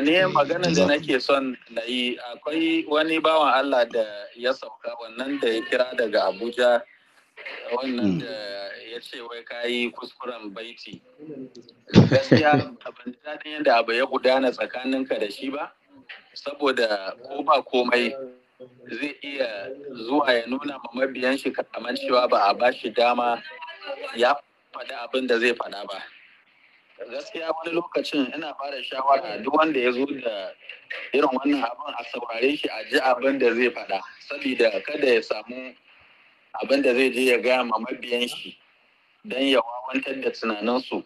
ne magana da nake son na yi akwai wani bawan Allah da ya sauka wannan da ya kira daga Abuja wannan da ya ce wai ka yi kuskuren baiti gaskiya ban daɗin yadda abu ya gudana tsakaninka da shi ba saboda ko ba komai zai iya zuwa ya nuna ma mabiyan shi kamar cewa ba a ba shi dama ya faɗi abin da zai faɗa ba gaskiya wani lokacin ina ba shawara duk wanda ya zo da irin wannan abin a saurare shi a ji abin da zai faɗa saboda kada ya samu abin da zai je ya gaya ma mabiyan shi don ya wawantar da tunaninsu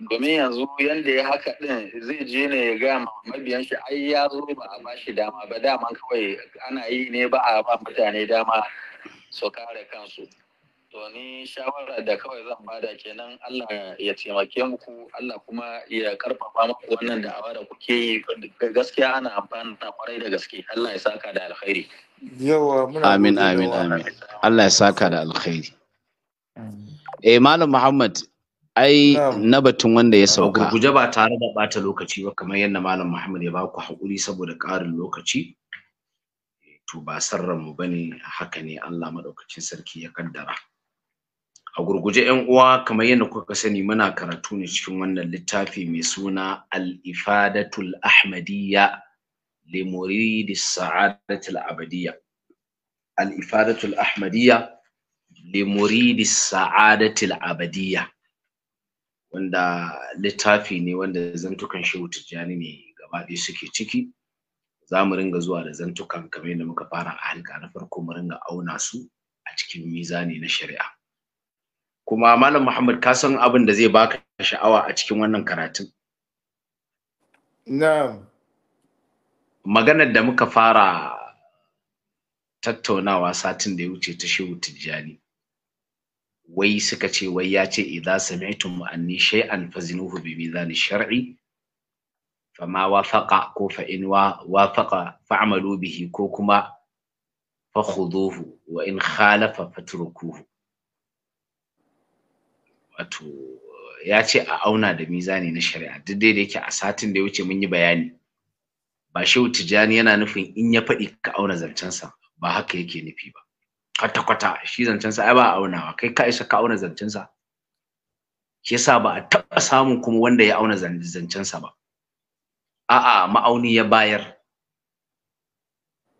domin yanzu yanda ya haka din zai je ne ya gaya ma mabiyan shi ai ya zo ba a bashi dama ba dama kawai ana yi ne ba a ba mutane dama su kare kansu to ni shawara da kawai zan bada kenan Allah ya taimake muku Allah kuma ya karfafa muku wannan da da kuke yi gaskiya ana amfani da kwarai da gaske Allah ya saka da alkhairi yawa muna amin amin amin Allah ya saka da alkhairi eh malam Muhammad ai na batun wanda ya sauka guje ba tare da bata lokaci ba kamar yadda malam Muhammad ya baku hakuri saboda ƙarin lokaci to ba sarran mu bane haka ne Allah madaukakin sarki ya kaddara a gurguje yan uwa kamar yadda kuka sani muna karatu ne cikin wannan littafi mai suna al-ifadatul ahmadiyya li muridi sa'adatul abadiyya al-ifadatul ahmadiyya li muridi sa'adatul abadiyya wanda littafi ne wanda zantukan shehu tijjani ne gaba ɗaya suke ciki za mu ringa zuwa da zantukan kamar yadda muka fara a halka na farko mu ringa auna su a cikin mizani na shari'a kuma malam muhammad ka san abin da zai baka sha'awa a cikin wannan karatun na'am maganar da muka fara tattaunawa satin da ya wuce ta shehu tijjani wai suka ce wai ya ce idza sami'tum anni shay'an fazinuhu bi mizan shar'i fama wafaqa ko fa in wafaqa fa'malu bihi ko kuma khuduhu wa in khalafa fatrukuhu wato eh, ya ce a auna da mizani na shari'a duk dai da yake a satin da ya wuce mun yi bayani ba shehu tijani yana nufin in ya faɗi ka auna zancensa ba haka yake nufi ba kwata kwata shi zancensa ai ba aunawa kai ka isa ka auna zancensa shi yasa ba a taɓa samun kuma wanda ya auna zancensa ba a'a ma'auni ya bayar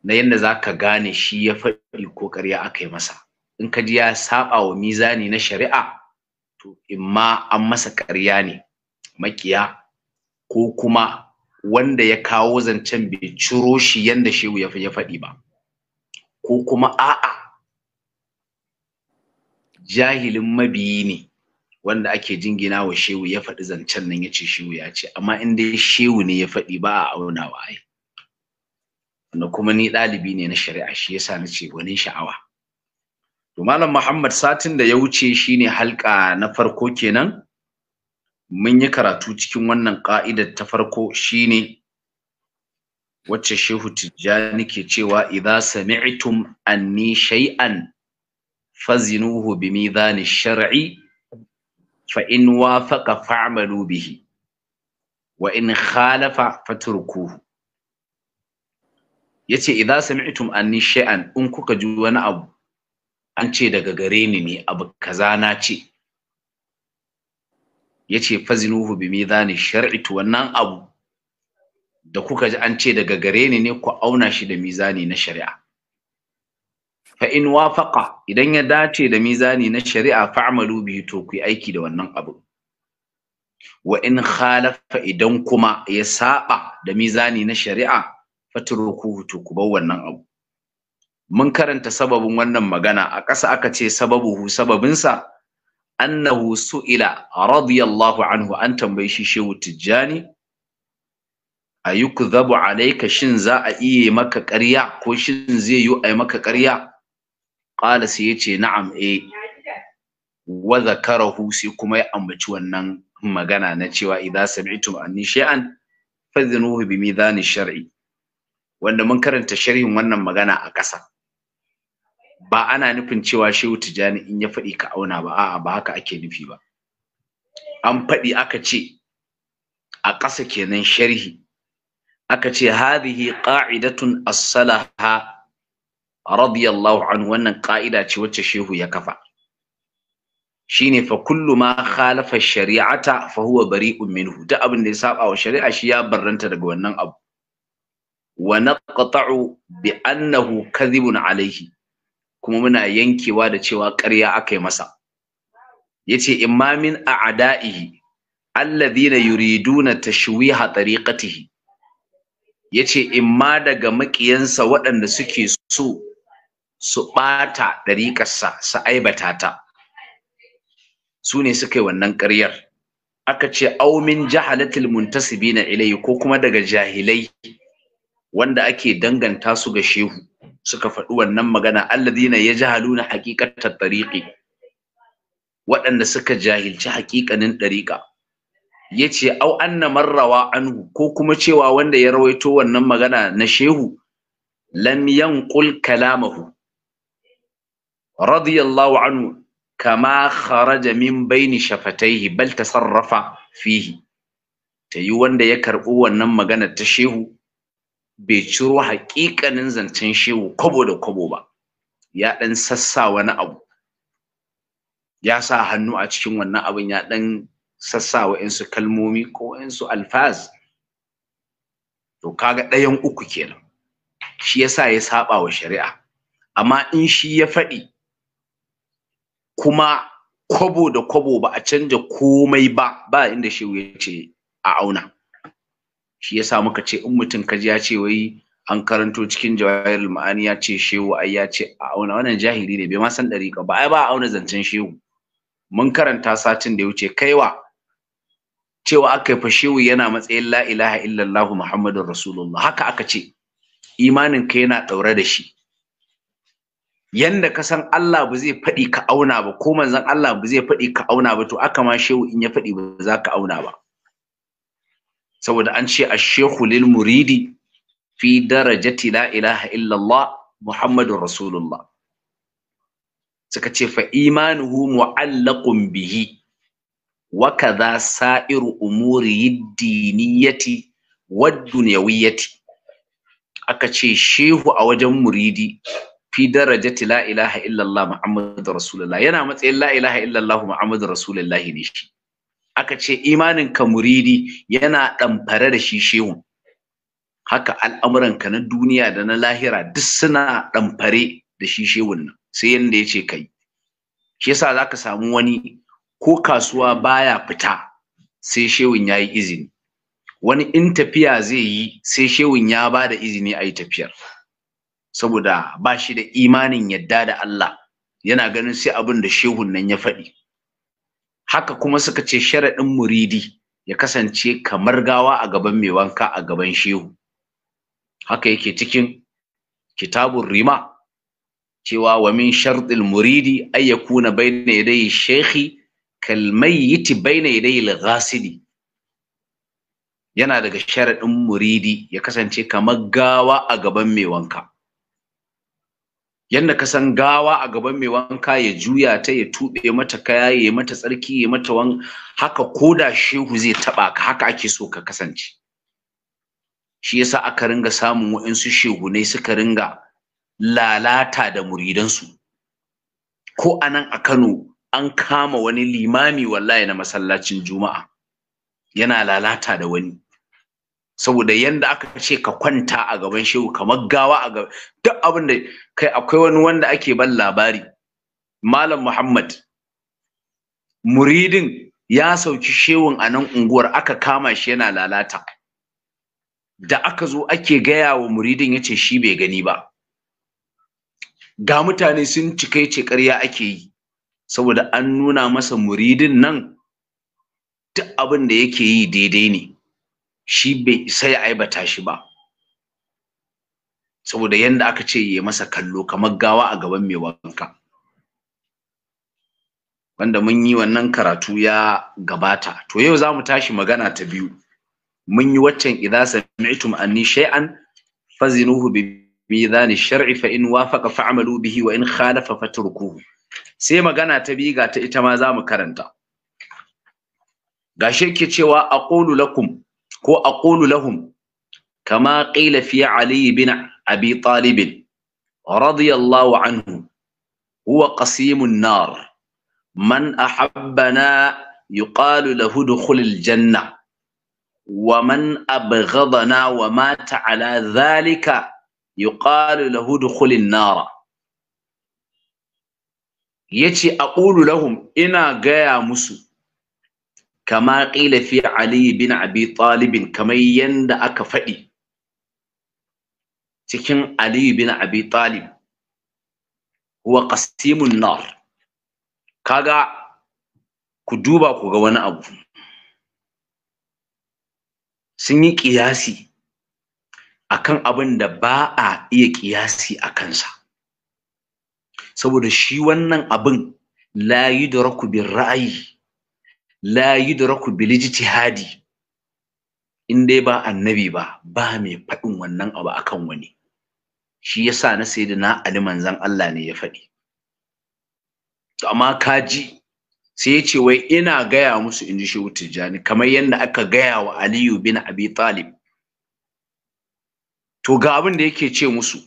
na yadda za ka gane shi ya faɗi ko ƙarya aka yi masa in ka ji ya saɓa wa mizani na shari'a to imma an masa ƙarya ne makiya ko kuma wanda ya kawo zancen bai ciro shi yanda shehu ya faɗi ba ko kuma a'a jahilin mabiyi ne wanda ake jingina wa shehu ya faɗi zancen nan ya ce shehu ya ce amma in dai shehu ne ya faɗi ba a aunawa ai wanda kuma ni ɗalibi ne na shari'a shi yasa na ce wani sha'awa to malam Muhammad satin da ya wuce shine halka na farko kenan mun yi karatu cikin wannan ka'idar ta farko shine wacce Shehu Tijjani ke cewa idza sami'tum anni shay'an fazinuhu bimizani shar'i fa in wafaqa fa'malu bihi wa in khalafa fatrukuhu yace idza sami'tum anni shay'an in kuka ji wani abu an ce daga gare ni ne abu kaza na ce ya ce fazinuhu bi mizani shar'i to wannan abu da kuka ji an ce daga gare ni ne ku auna shi da mizani na shari'a fa in wafaqa idan ya dace da mizani na shari'a fa amalu biyu to ku aiki da wannan abu wa in khalafa idan kuma ya saba da mizani na shari'a fatrukuhu to ku bar wannan abu mun karanta sababin wannan magana a ƙasa aka ce sababuhu sababinsa annahu su'ila radiyallahu anhu an tambaye shi shehu tijjani ayukdhabu alaika shin za a iya maka ƙarya ko shin zai yi maka ƙarya ƙala sai yace na'am e. wa zakarahu sai kuma ya ambaci wannan magana na cewa idza sami'tum anni shay'an fadhnuhu bi mizani shar'i wanda mun karanta sharhin wannan magana a ƙasa ba ana nufin cewa shehu tijjani in ya faɗi ka auna ba a'a ba haka ake nufi ba an faɗi aka ce a ƙasa kenan sharhi aka ce hadhihi qa'idatun as-salaha radiyallahu anhu wannan ƙa'ida ce wacce shehu ya kafa shine fa kullu ma khalafa shari'ata fa huwa bari'un minhu duk abin da ya saba wa shari'a shi ya barranta daga wannan abu wa naqta'u bi annahu kadhibun alayhi kuma muna yankewa da cewa ƙarya aka yi masa yace imamin min a'da'ihi alladhina yuriduna tashwiha tariqatihi yace imma daga makiyansa waɗanda suke so su ɓata ɗariƙarsa su aibata ta su ne suka yi wannan ƙaryar aka ce aumin jahalatil muntasibina ilai ko kuma daga jahilai wanda ake danganta su ga shehu suka faɗi wannan magana ya ji haluna haqiqatat tariqi waɗanda suka jahilci haƙiƙanin ɗariƙa yace au anna marrawa anhu ko kuma cewa wanda ya rawaito wannan magana na shehu lam yanqul kalamahu radiyallahu anhu kama kharaja min baini shafataihi bal tasarrafa fihi tayi wanda ya karɓi wannan magana ta shehu bai ciro haƙiƙanin zancen shehu kwabo da kwabo ba ya ɗan sassa wani abu ya sa hannu a cikin wannan abin ya ɗan sassa wa'insu kalmomi ko wa'insu alfaz to kaga ɗayan uku kenan shi yasa ya saba wa shari'a amma in shi ya faɗi kuma kwabo da kwabo ba a canja komai ba ba inda shehu ya ce a auna shi yasa muka ce in mutum kaji ya ce wai an karanto cikin jawahirul ma'ani ya ce shehu ai ya ce a auna wannan jahili ne bai ma san dariƙa ba ai ba a auna zancen shehu mun karanta satin da ya wuce kaiwa cewa aka yi fa shehu yana matsayin la ilaha illallah muhammadur rasulullah haka aka ce imanin ka yana ɗaure da shi yanda ka san Allah ba zai faɗi ka auna ba ko manzon Allah ba zai faɗi ka auna ba to aka ma shehu in ya faɗi ba za ka auna ba saboda an ce ashehu lil muridi fi darajati la ilaha illallah muhammadun rasulullah suka ce fa imanuhu mu'allaqun bihi wa kadha sa'iru umuri diniyati wad dunyawiyyati aka ce shehu a wajen muridi fi darajati la ilaha illallah muhammadun rasulullah yana matsayin la ilaha illallah muhammadur rasulullah ne shi aka ce imanin ka muridi yana ɗamfare da shi shehun haka ka na duniya da na lahira duk suna ɗamfare da shi shehun nan sai yanda ya ce kai shi yasa za ka samu wani ko kasuwa baya fita sai shehun ya yi izini wani in tafiya zai yi sai shehun ya bada izini a yi tafiyar saboda ba shi da imanin yadda da Allah yana ganin sai abin da shehun nan ya faɗi haka kuma suka ce sharaɗin muridi ya kasance kamar gawa a gaban mai wanka a gaban shehu haka yake cikin kitabun rima cewa wa min sharɗil muridi ay yakuna bayna yadayi shekhi kal mayyit bayna yadayi al yana daga sharaɗin muridi ya kasance kamar gawa a gaban mai wanka Yadda ka san gawa a gaban mai wanka ya juya ta ya tuɓe mata kaya ya mata tsarki ya mata wan haka koda shehu zai taɓa ka haka ake so ka kasance shi yasa aka ringa samun waɗansu shehunai suka ringa lalata da muridansu ko a nan a Kano an kama wani limami wallahi na masallacin juma'a yana lalata da wani saboda yanda aka ce ka kwanta a gaban shehu kamar gawa a gaban duk abin da kai akwai wani wanda ake ban labari malam muhammad muridin ya sauki shehun a nan unguwar aka kama shi yana lalata da aka zo ake gaya wa muridin ya ce shi bai gani ba ga mutane sun cika ce ƙarya ake yi saboda an nuna masa muridin nan duk abin da yake yi daidai ne shi bai isa ya aibata shi ba saboda yanda aka ce ya masa kallo kamar gawa a gaban mai wanka wanda mun yi wannan karatu ya gabata to yau za mu tashi magana ta biyu mun yi waccan idza sami'tum anni shay'an fazinuhu bi mizani shar'i fa in wafaqa fa'malu bihi wa in khalafa fatrukuhu sai magana ta biyu ga ta ita ma za mu karanta gashi yake cewa aqulu lakum ko aqulu lahum kama qila fi ali ibn abi talib radiyallahu anhu huwa qasimun nar man ahabbana yuqalu lahu dukhulil janna wa man abghadana wa mata ala dhalika yuqalu lahu dukhulin nar yace aqulu lahum ina gaya musu kama qila fi Aliyu bin abi talib kamar yanda aka faɗi cikin Aliyu bin abi talib huwa qasimun nar kaga ku duba ku ga wani abu sun yi kiyasi akan abin da ba a iya ƙiyasi a kansa saboda shi wannan abin la da bir ra'ayi la Raku bil ijtihadi in dai ba annabi ba ba mai faɗin wannan abu akan wani shi ya sa na da sai na Ali manzon Allah ne ya faɗi to amma kaji sai ya ce wai ina gaya musu in ji shehu tijjani kamar yadda aka gaya wa aliyu bin abi talib to ga abin da yake ce musu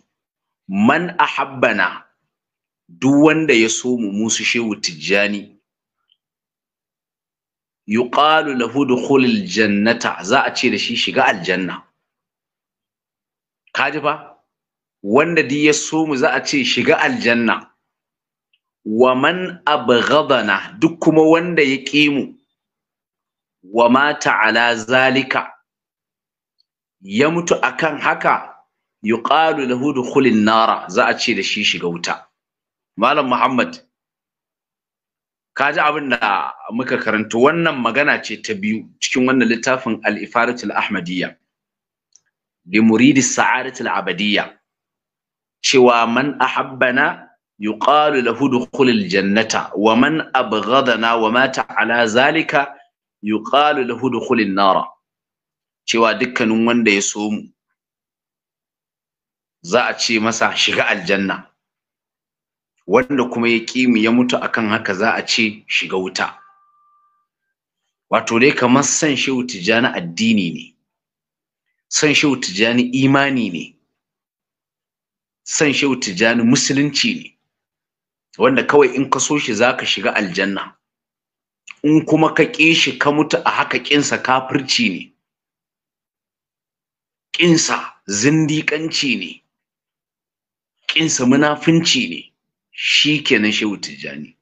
man ahabbana duk wanda ya so mu musu shehu tijjani yuqalu lahu dukhulil jannata za a ce da shi shiga aljanna kaji fa wanda di ya so mu za a ce shiga aljanna wa man abghadana duk kuma wanda ya ƙi wa mata ala zalika ya mutu akan haka yuqalu lahu dukhulin nara za a ce da shi shiga wuta malam muhammad ka ji abin da muka karanta wannan magana ce ta biyu cikin wannan littafin al-ifaratul ahmadiyya li muridi sa'adatul abadiyya cewa man ahabbana yuqalu lahu dukhulil jannata wa man abghadana wa mata ala zalika yuqalu lahu dukhulin nara cewa dukkanin wanda ya so mu za a ce masa shiga aljanna wanda kuma ya mu ya mutu akan haka za a ce shiga wuta wato dai kamar san shehu tijjani addini ne san shehu tijjani imani ne san shehu tijjani musulunci ne wanda kawai in ka so shi za ka shiga aljanna in kuma ka ƙi shi ka mutu a haka ƙinsa kafirci ne ƙinsa zindiƙanci ne ƙinsa munafunci ne shi kenan shehu tijjani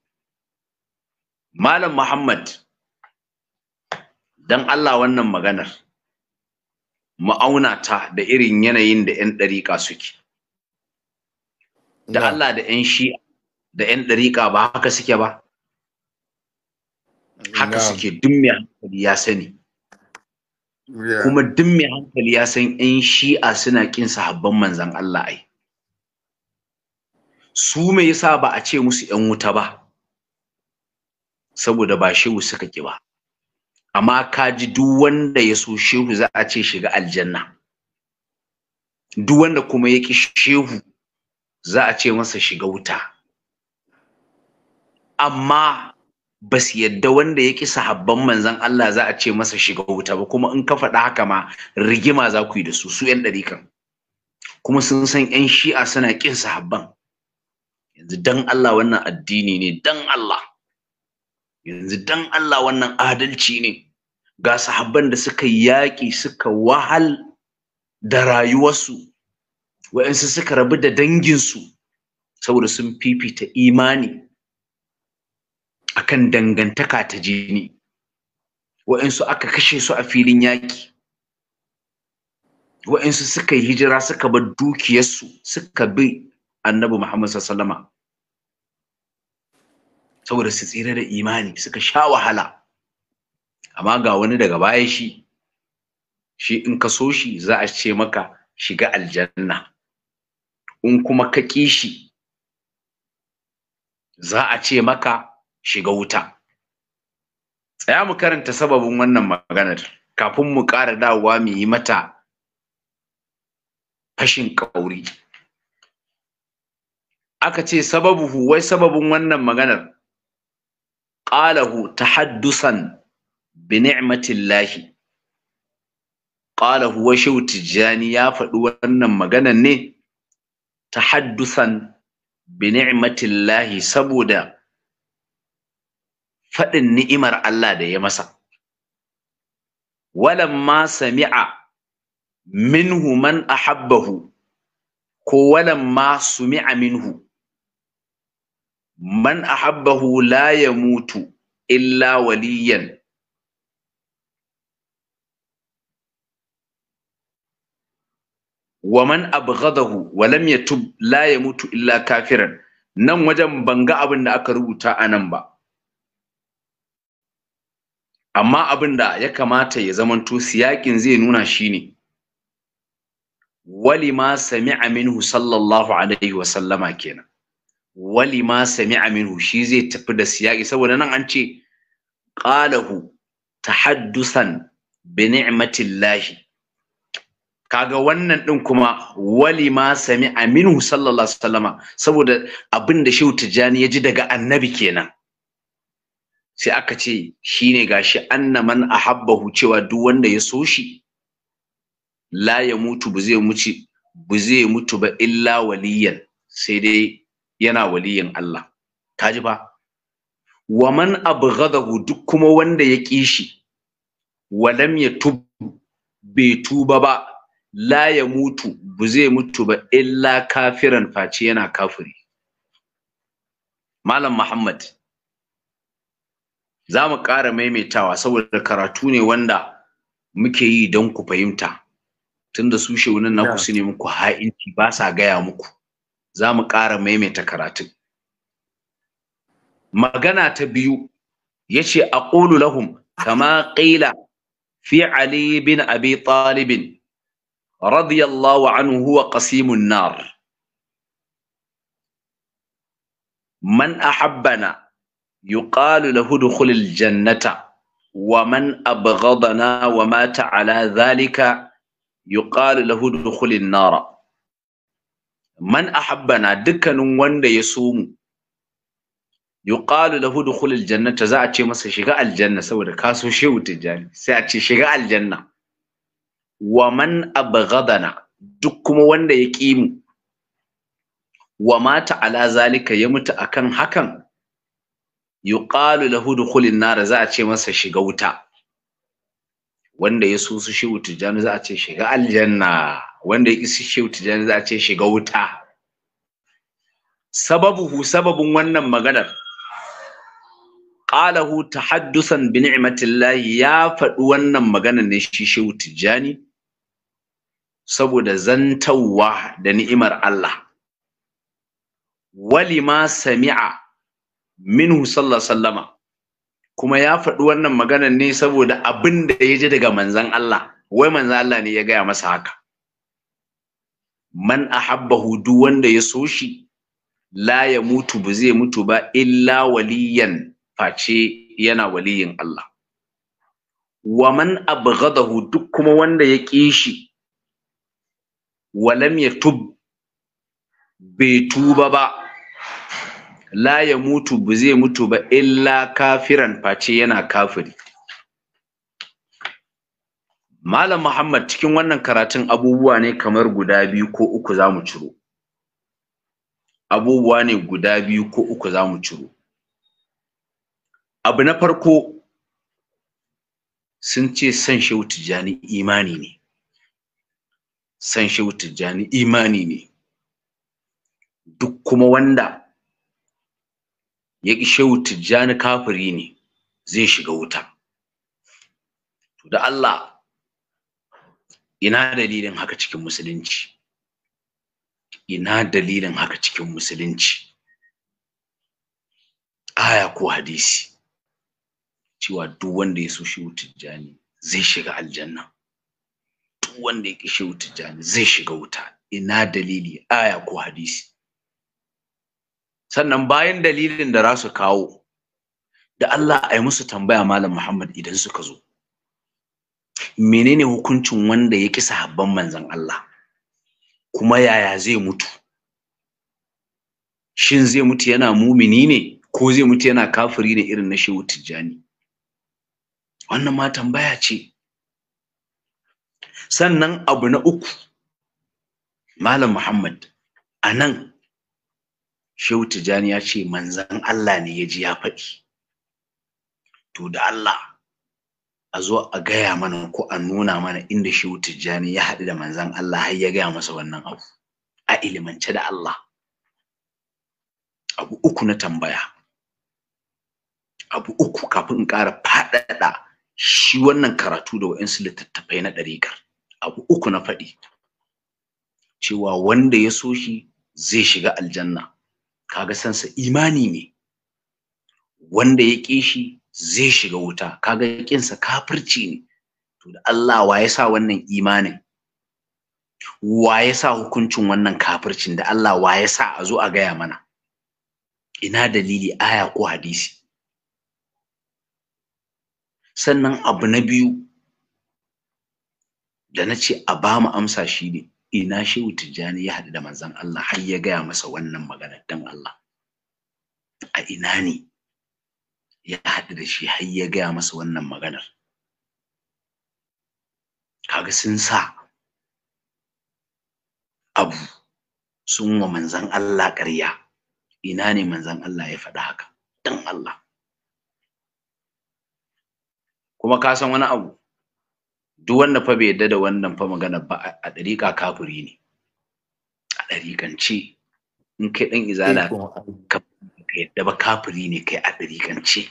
malam muhammad don allah wannan maganar auna ta da irin yanayin da 'yan ɗariƙa suke da allah da 'yan shi da 'yan ɗariƙa ba haka suke ba haka suke duk mai hankali ya sani kuma duk mai hankali ya san 'yan shi'a suna ƙin sahabban manzan allah ai su me yasa ba a ce musu yan wuta ba saboda ba shehu suka ki ba amma ka ji duk wanda ya so shehu za a ce shiga aljanna duk wanda kuma ya ki shehu za a ce masa shiga wuta amma ba su yadda wanda ya ƙi sahabban manzan Allah za a ce masa shiga wuta ba kuma in ka faɗa haka ma rigima za ku yi da su su 'yan ɗarikan kuma sun san 'yan shi'a suna ƙin sahabban yanzu dan Allah wannan addini ne dan Allah yanzu dan Allah wannan adalci ne ga sahabban da suka yaƙi suka wahal da rayuwarsu wa'yansu suka rabu da danginsu saboda sun fifita imani akan dangantaka ta jini wa'yansu aka kashe su a filin yaƙi wa'yansu suka yi hijira suka bar dukiyarsu suka bi annabi Muhammad sallama saboda su tsira da imani suka sha wahala amma ga wani daga baya shi shi in ka so shi za a ce maka shiga aljanna in kuma ka ƙi shi za a ce maka shiga wuta tsaya mu karanta sababin wannan maganar kafin mu ƙara dawowa mu yi mata fashin ƙauri aka ce sababuhu wai sababin wannan maganar qalahu tahaddusan bi ni'matillahi qalahu wa shaw ya faɗi wannan maganar ne tahaddusan bi ni'matillahi saboda faɗin ni'imar Allah da ya masa walamma sami'a minhu man ahabbahu ko walamma sumi'a minhu man ahabbahu la ya mutu illa waliyan wa man abghadahu wa lam yatub la ya mutu illa kafiran nan wajen banga abin da aka rubuta a nan ba amma abin da ya kamata ya zamanto siyakin zai nuna shine wali ma sami'a minhu sallallahu alaihi wa sallama kenan wali ma sami aminu shi zai tafi da siyaki saboda nan an ce qalahu tahaddusan bi ni'matillahi kaga wannan ɗin kuma wali ma sami aminu sallallahu alaihi saboda abin da Shehu Tijjani ya ji daga Annabi kenan sai aka ce shine gashi anna man ahabbahu cewa duk wanda ya so shi la ya mutu bu zai mutu zai mutu ba illa waliyan sai dai yana waliyin Allah kaji ba wa man abghadahu duk kuma wanda ya kishi walam yatub bai tuba ba la ya mutu bu zai mutu ba illa kafiran face yana kafiri malam muhammad za mu ƙara maimaitawa saboda karatu ne wanda muke yi don ku fahimta tunda su shewunan naku su ne muku ha'inci ba sa gaya muku za mu ƙara maimaita karatun magana ta biyu ya ce a lahum kama ƙila fi ali bin abi talibin radiyallahu anhu wa ƙasimun nar man ahabbana yuqalu lahu dukhulil jannata wa man abghadana wa mata ala dhalika yuqalu lahu dukhulin nara man ahabbana dukkanin wanda ya so mu yuqalu lahu dukhulul jannata za a ce masa shiga aljanna saboda ka so shehu tijjani sai a ce shiga aljanna wa man abghadana duk kuma wanda ya ƙi mu wa mata ala zalika ya mutu akan hakan yuqalu lahu dukhulin nar za a ce masa shiga wuta wanda ya so su shehu tijjani za a ce shiga aljanna wanda ya isi shehu tijjani za ce shiga wuta sababuhu sababin wannan maganar qalahu tahaddusan bi ni'matillahi ya faɗi wannan maganar ne shi shehu tijjani saboda zantawa da ni'imar Allah walima sami'a minhu sallallahu sallama kuma ya faɗi wannan maganar ne saboda abin da ya ji daga manzan Allah wai manzan Allah ne ya gaya masa haka man ahabbahu hudu wanda ya so shi la ya mutu ba zai mutu ba illa waliyan face yana waliyin Allah wa man abghadahu duk kuma wanda ya ƙi shi walam yatub bai tuba ba la ya mutu ba zai mutu ba illa kafiran face yana kafiri Malam Muhammad cikin wannan karatun abubuwa ne kamar guda biyu ko uku za mu ciro. Abubuwa ne guda biyu ko uku za mu ciro. Abu na farko sun ce san shehu tijjani imani ne. San shehu tijjani imani ne. Duk kuma wanda ya ƙi shehu tijjani kafiri ne zai shiga wuta. da Allah ina dalilin haka cikin musulunci ina dalilin haka cikin musulunci aya ko hadisi cewa duk wanda ya so shehu tijjani zai shiga aljanna duk wanda ya ki shehu tijjani zai shiga wuta ina dalili aya ko hadisi sannan bayan dalilin da za su kawo da Allah a yi musu tambaya malam Muhammad idan suka zo menene hukuncin wanda ya kisa habban manzan Allah kuma yaya zai mutu shin zai mutu yana mumini ne ko zai mutu yana kafiri ne irin na shehu tijjani wannan ma tambaya ce sannan abu na uku malam muhammad a nan shehu tijjani ya ce manzan allah ne ya ji ya faɗi to da allah a zo a gaya mana ko a nuna mana inda shi tijjani ya haɗu da manzan Allah har ya gaya masa wannan abu a ilimance da Allah abu uku na tambaya abu uku kafin in ƙara faɗaɗa shi wannan karatu da wa'insu littattafai na ɗariƙar abu uku na faɗi cewa wanda ya so shi zai shiga aljanna kaga sansa imani ne wanda ya ƙi shi zai shiga wuta kaga kinsa kafirci ne to da Allah wa ya sa wannan imanin wa ya sa hukuncin wannan kafircin da Allah wa ya sa a zo a gaya mana ina dalili aya ko hadisi sannan abu na biyu da na ce a ba mu amsa shi ne ina shi tijjani ya haɗu da manzon Allah har ya gaya masa wannan maganar dan Allah a ina ne ya haɗu da shi har ya gaya masa wannan maganar kaga sun sa abu sun wa manzan Allah ƙarya ina ne manzan Allah ya faɗa haka dan Allah kuma ka san wani abu duk wanda fa bai yadda da wannan fa magana ba a ɗariƙa kafuri ne a ɗariƙance in kai ɗan izala eh, ka ka yadda ba kafiri ne kai a ɗariƙance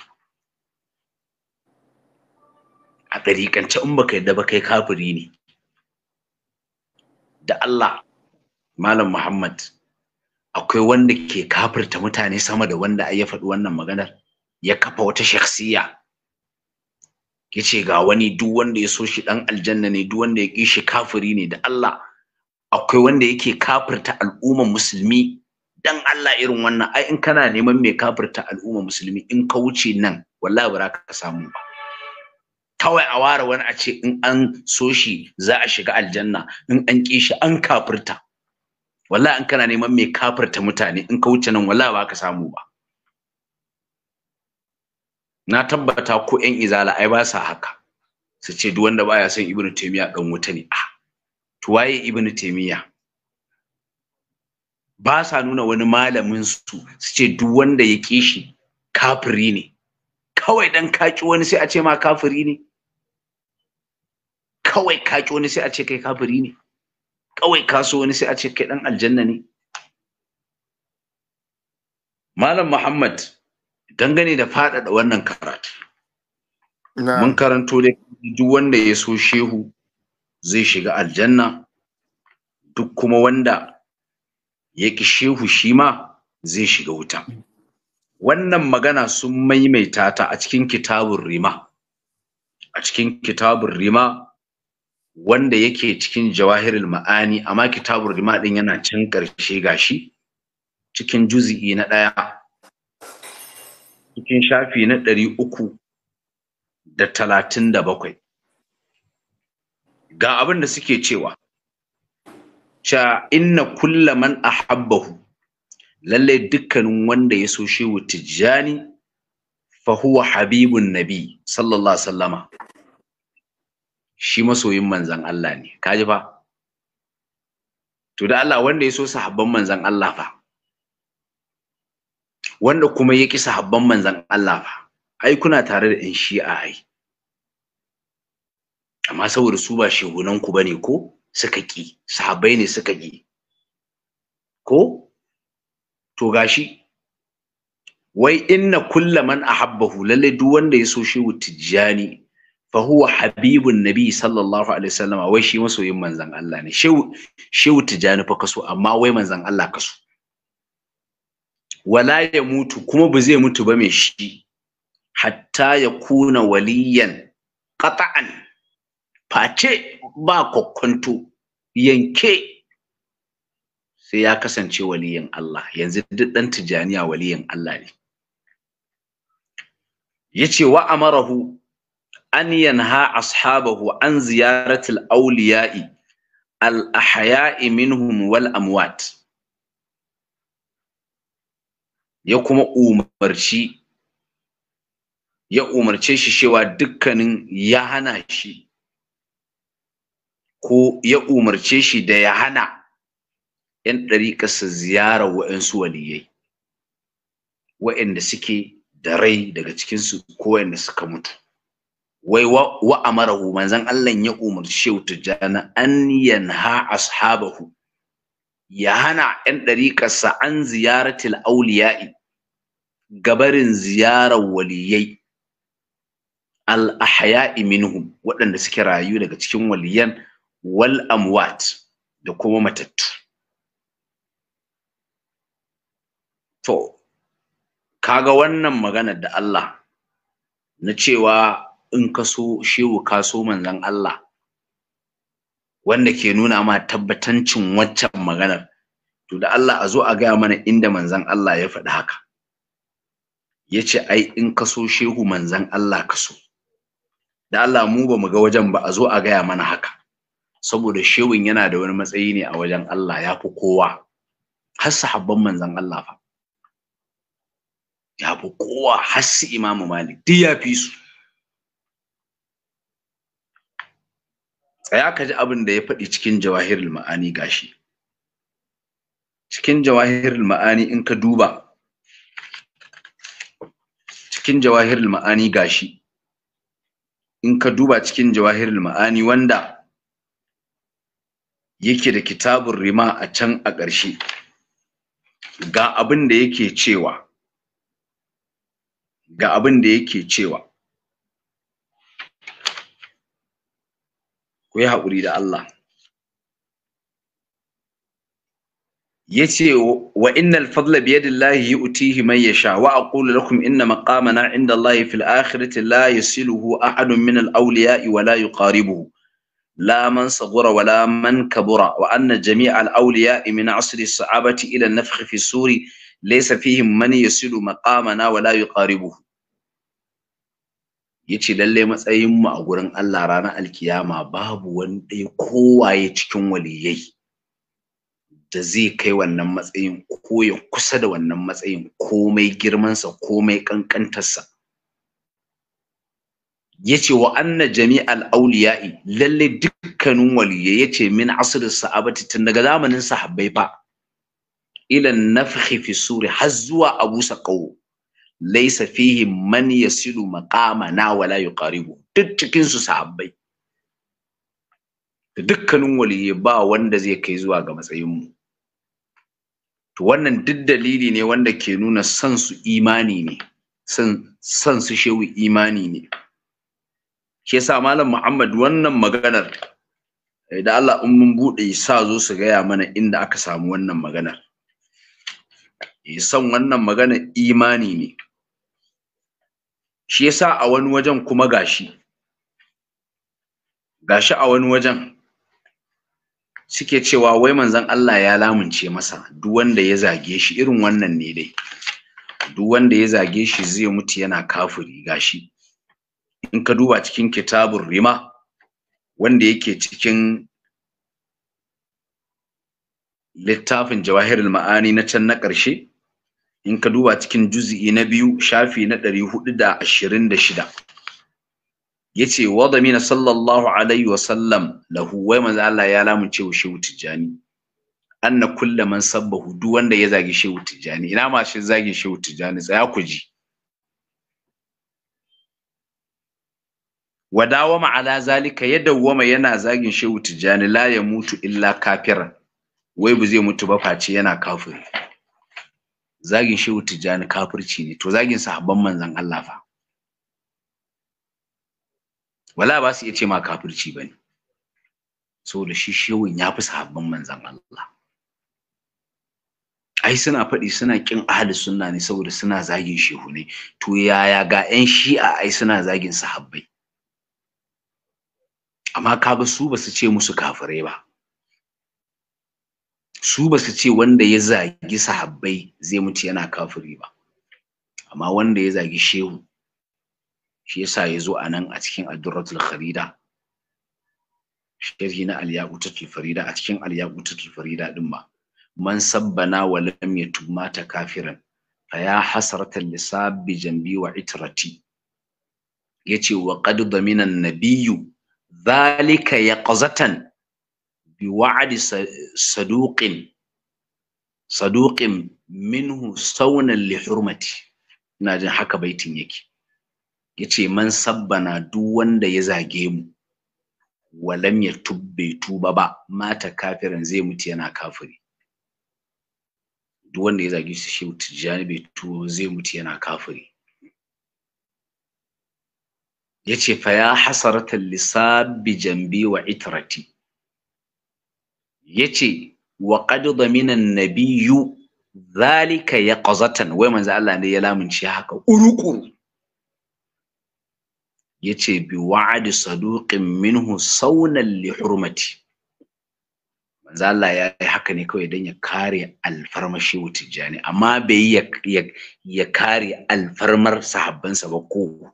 a ɗariƙance in baka yadda ba kai kafiri ne da Allah Malam Muhammad akwai wanda ke kafirta mutane sama da wanda ya faɗi wannan maganar ya kafa wata shakhsiya ya ce ga wani duk wanda ya so shi ɗan aljanna ne duk wanda ya ƙi shi kafiri ne da Allah akwai wanda yake kafirta al'umman musulmi dan Allah irin wannan ai in kana neman mai kafirta al'umma musulmi in ka wuce nan wallahi ba za ka samu ba kawai a ware wani a ce in an so shi za a shiga aljanna in an kishi shi an kafirta wallahi in kana neman mai kafirta mutane in ka wuce nan wallahi ba ka samu ba na tabbata ko 'yan izala ai ba sa haka su ce duk wanda baya son ibnu taymiya dan wuta ne ah to waye ibnu taymiya ba sa nuna wani malamin su su ce duk wanda ya ƙi shi kafiri ne kawai dan kaki wani sai a ce ma kafiri ne kawai kaki wani sai a ce kai kafiri ne kawai kaso wani sai a ce kai dan aljanna ne malam muhammad dangane da faɗaɗa wannan karatu mun karanto dai duk wanda ya so shehu zai shiga aljanna duk kuma wanda yake shehu shi ma zai shiga wuta wannan magana sun maimaita ta a cikin kitabun rima a cikin kitabun rima wanda yake cikin jawahirul ma'ani amma kitabun rima din yana can ƙarshe gashi cikin juzi'i na ɗaya cikin shafi na ɗari uku da talatin da bakwai ga abin da suke cewa cewa inna kulla man ahabbahu lallai dukkanin wanda ya so wa tijjani fa huwa habibun nabi sallallahu alaihi wasallama shi masoyin manzan Allah ne kaji fa to da Allah wanda ya so sahabban manzan Allah fa wanda kuma ya ƙi sahabban manzan Allah fa ai kuna tare da in shi'a ai amma saboda su ba shehunan ku bane ko suka ƙi sahabbai ne suka ƙi ko to gashi wai inna kulla man ahabbahu lalle duk wanda ya so shehu tijjani fa huwa habibun nabi sallallahu alaihi wasallam wai shi masoyin manzon Allah ne shehu shi tijjani fa kaso amma wai manzon Allah kaso wala ya mutu kuma ba zai mutu ba mai shi hatta ya kuna waliyan qata'an face ba kwakwanto yanke sai ya kasance waliyin Allah yanzu duk dan tijaniya waliyin Allah ne yace wa amarahu an yanha ashabahu an ziyaratil awliya'i al ahya'i minhum wal amwat ya kuma umarci ya umarce shi cewa dukkanin ya hana shi ko ya umarce shi da ya hana ‘yan su ziyara wa'yansu waliyai, wa'yanda suke da rai daga cikinsu ko wa'yanda suka mutu. Wai wa amarahu manzan Allah ya umarce jana an yanha ashabahu ya hana ‘yan ɗariƙarsa an ziyaratil auliya'i gabarin ziyarar waliyai al-ahya'i minhum waɗanda suke rayu daga cikin waliyan wal amwat da kuma matattu to kaga wannan maganar da Allah na cewa in ka so shehu ka so manzon Allah wanda ke nuna ma tabbatancin waccan maganar to da Allah a zo a gaya mana inda manzon Allah ya faɗi haka ya ce ai in ka so shehu manzon Allah ka so da Allah mu ba mu ga wajen ba a zo a gaya mana haka saboda shewin yana da wani matsayi ne a wajen Allah ya fi kowa har sahabban manzon Allah fa ya fi kowa har su imamu malik duk ya fi su tsaya ka ji abin da ya faɗi cikin jawahirul ma'ani gashi cikin jawahirul ma'ani in ka duba cikin jawahirul ma'ani gashi in ka duba cikin jawahirul ma'ani wanda yake da kitabun rima a can a ƙarshe ga abin da yake cewa ga abin da yake cewa ku yi haƙuri da Allah ya ce wa innal fadla biyadillahi yu'tihi man yasha wa aqulu lakum inna maqamana inda Allah fil akhirati la yasiluhu ahadun min al awliya'i wa la yuqaribuhu لا من صغر ولا من كبر وأن جميع الأولياء من عصر الصحابة إلى النفخ في السور ليس فيهم من يصل مقامنا ولا يقاربه yace lalle matsayin mu a gurin Allah ranar alkiyama babu wani ɗaya kowaye cikin waliyai da zai kai wannan matsayin ko ya kusa da wannan matsayin komai girmansa komai ƙanƙantarsa yace wa anna jami'al awliya'i lalle dukkanin waliyya yace min asr sahabati tun daga zamanin sahabbai fa ila nafhi fi suri har zuwa abu saqaw laysa fihi man yasilu maqamana wala yuqaribu duk cikin su sahabbai da dukkanin waliyyi ba wanda zai kai zuwa ga matsayin mu to wannan duk dalili ne wanda ke nuna san su imani ne san su shehu imani ne shi yasa malam Muhammad wannan maganar eh, da Allah in mun bude sa zo su gaya mana inda aka samu wannan maganar eh, san wannan maganar imani ne shi yasa a wani wajen kuma gashi gashi a wani wajen suke cewa wai manzon Allah ya lamunce masa duk wanda ya zage shi irin wannan ne dai duk wanda ya zage shi zai mutu yana kafiri gashi in ka duba cikin kitabun rima wanda yake cikin littafin jawahirul ma'ani na can na ƙarshe in ka duba cikin juzi'i na biyu shafi na ɗari hudu da ashirin da shida ya ce wadamina sallallahu alaihi wasallam lahu wai manzo Allah ya lamunce wa shehu tijjani anna kulla man sabbahu duk wanda ya zagi shehu tijjani ina ma shi zagi shehu tijjani tsaya ku ji wadawa ma'ala zalika yadda wama yana zagin shehu tijjani la ya mutu illa kafiran wai ba zai mutu ba face yana kafiri zagin shehu tijjani kafirci ne to zagin sahabban manzon Allah fa wala ba su iya ce ma kafirci bane saboda shi shehu ya fi sahabban manzon Allah ai suna faɗi suna kin ahli sunna ne saboda suna zagin shehu ne to yaya ga 'yan shi'a ai suna zagin sahabbai amma kaga su basu ce musu kafirai ba su basu ce wanda ya zagi sahabbai zai mutu yana kafiri ba amma wanda ya zagi shehu shi yasa ya zo a nan a cikin addurratul kharida sharhi na al farida a cikin al farida din ba man sabbana wa lam yatub mata kafiran fa ya hasratan lisab bi jambi wa itrati yace wa qad damina an-nabiyyu zalika yaqzatan bi wa'di saduqin saduqin minhu saunan li hurmati ina jin haka baitin yake yace man sabbana duk wanda ya zage mu walam ya tubbe tuba ba mata kafiran zai mutu yana kafiri duk ya zage shi shehu tijjani bai tuba zai mutu yana kafuri. ya ce fa ya hasarata lissabi jambi wa itrati ya ce wa qad damina nabiyyu zalika yaqzatan wai manzo Allah ne ya lamunce haka urukuru yace bi wa'adi saduqin minhu saunan li hurmati manzo Allah ya yi haka ne kawai dan ya kare shi wutijani amma bai yi ya kare alfarmar sahabbansa ba ko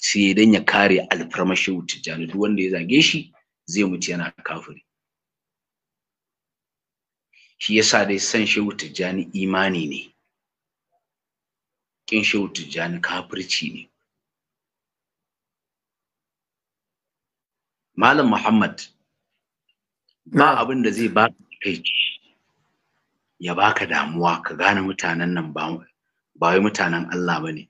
sai dan ya kare alfarmashin tijjani duk wanda ya zage shi zai mutu yana kafiri shi yasa dai san shehu tijjani imani ne kin shehu tijjani kafirci ne malam muhammad ba abin da zai baka kai ya baka damuwa ka gane mutanen nan ba wai mutanen Allah bane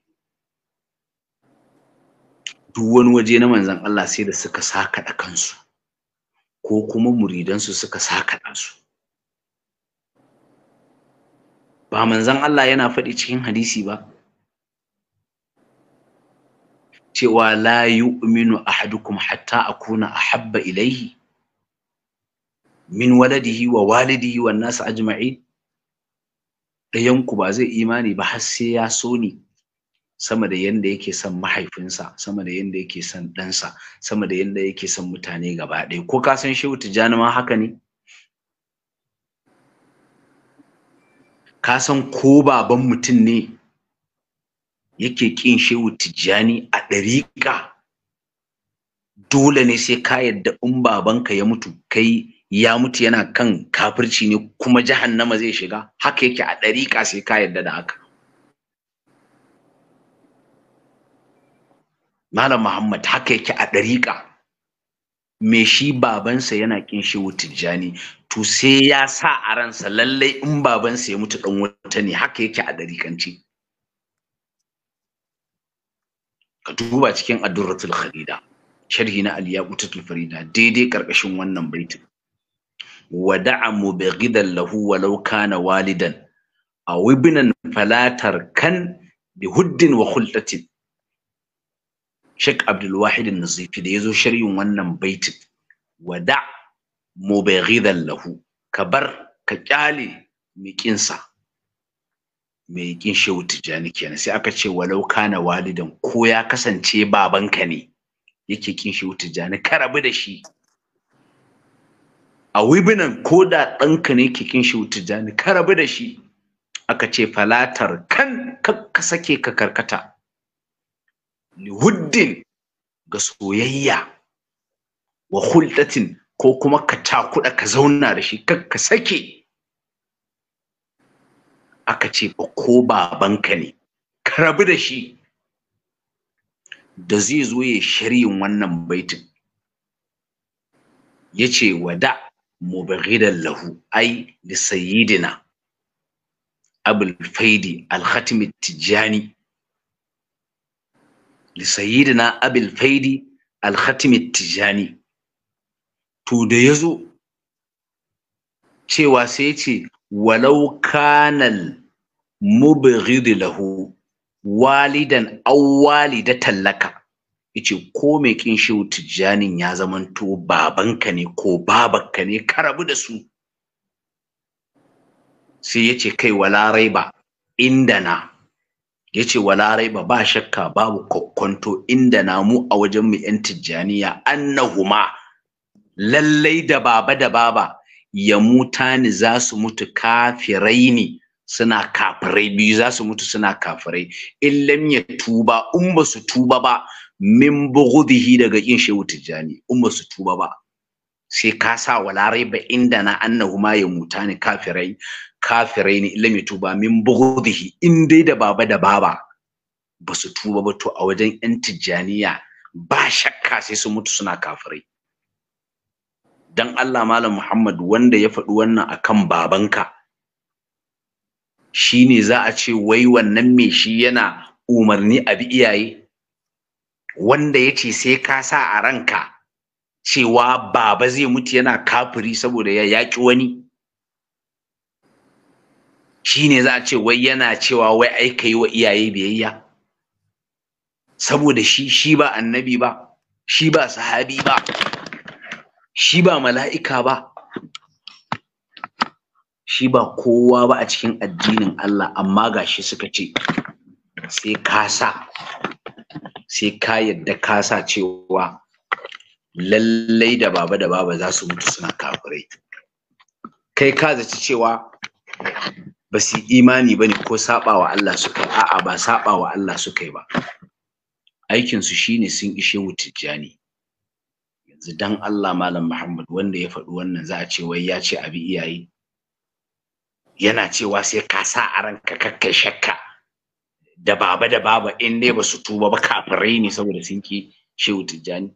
duk waje na manzan Allah sai da suka sakaɗa kansu ko kuma muridansu suka sakaɗa su ba manzan Allah yana faɗi cikin hadisi ba cewa la yu'minu ahadukum hatta akuna ahabba ilaihi min waladihi wa walidihi wan nas ajma'in ɗayanku ba zai imani ba har sai ya so ni sama da yanda yake son mahaifinsa sama da yanda yake son ɗansa sama da yanda yake son mutane gaba ɗaya ko ka san shehu tijjani ma haka ne ka san ko baban mutum ne yake ƙin shehu tijjani a ɗariƙa dole ne sai ka yadda in babanka ya mutu kai ya mutu yana kan kafirci ne kuma jahannama zai shiga haka yake a ɗariƙa sai ka yadda da haka malam muhammad haka yake a ɗariƙa me shi babansa yana ƙin shi tijjani to sai ya sa a ransa lallai in babansa ya mutu ɗan wata ne haka yake a ɗariƙanci ka duba cikin Adurratul Khalida, sharhi na aliyaqutul farida daidai ƙarƙashin wannan baitin wada'a gidan lahu walau kana walidan aw ibnan falatar kan bi huddin wa khultatin Sheikh Abdul Wahid Nazifi da yazo sharhin wannan baitin wada mubaghidan lahu ka bar ka kyale mai kinsa mai kin shehu tijani kenan sai aka ce walau kana walidan ko ya kasance babanka ne yake kin shehu tijani karabu da shi a wibinan ko da ɗanka ne yake kin shehu tijani karabu da shi aka ce falatar kan ka sake ka karkata lihuddin ga soyayya wa hulɗatin ko kuma ka takuɗa ka zauna da shi kar ka sake aka ce ba ko babanka ne ka rabu da shi da zai zo ya shiryin wannan baitin ya ce wada mubaghidan lahu ai da sayyidina abul faidi al-khatim tijani li sayyidina abil faidi al khatim tijani to da yazo cewa sai ya ce Walaukanal, kanal mubghid lahu walidan aw tallaka. laka yace ko mai kin shehu tijjanin ya zamanto babanka ne ko babanka ne ka rabu da su sai yace kai wala inda na. ya ce wala ba ba shakka babu kwakwanto inda namu a wajen mu yan tijjaniya annahuma lallai da baba da baba ya mutani za su mutu kafirai ne suna kafirai biyu za su mutu suna kafirai in lam tuba in ba su tuba ba min bugudhihi daga kin shehu tijjani in ba su tuba ba sai ka sa Larai ba inda na annahu ma ya muta ni kafirai kafirai ne ilmi tuba min bughdihi in dai da baba da baba ba su tuba ba to a wajen yan tijjaniya ba shakka sai su mutu suna kafirai dan Allah malam Muhammad wanda ya faɗi wannan akan babanka shine za a ce wai wannan me shi yana umarni abi iyaye wanda yace sai ka sa a ranka cewa baba zai mutu yana kafiri saboda ya yaƙi wani shine za a ce wai yana cewa wai ai yi wa iyaye biyayya saboda shi shi ba annabi ba shi ba sahabi ba shi ba mala'ika ba shi ba kowa ba a cikin addinin Allah amma ga shi suka ce sai ka sa sai ka yadda kasa cewa lallai da baba da baba za su mutu suna kafirai kai ka zaci cewa ba su imani ba ne ko saɓawa Allah suka yi a'a ba saɓawa Allah suka yi ba aikinsu shine sun ishe wutijjani yanzu dan Allah malam Muhammad wanda ya faɗi wannan za a ce wai ya ce abi iyaye yana cewa sai ka sa a ranka kakkai shakka da baba da baba in dai ba su tuba ba kafirai ne saboda sun ki shehu tijjani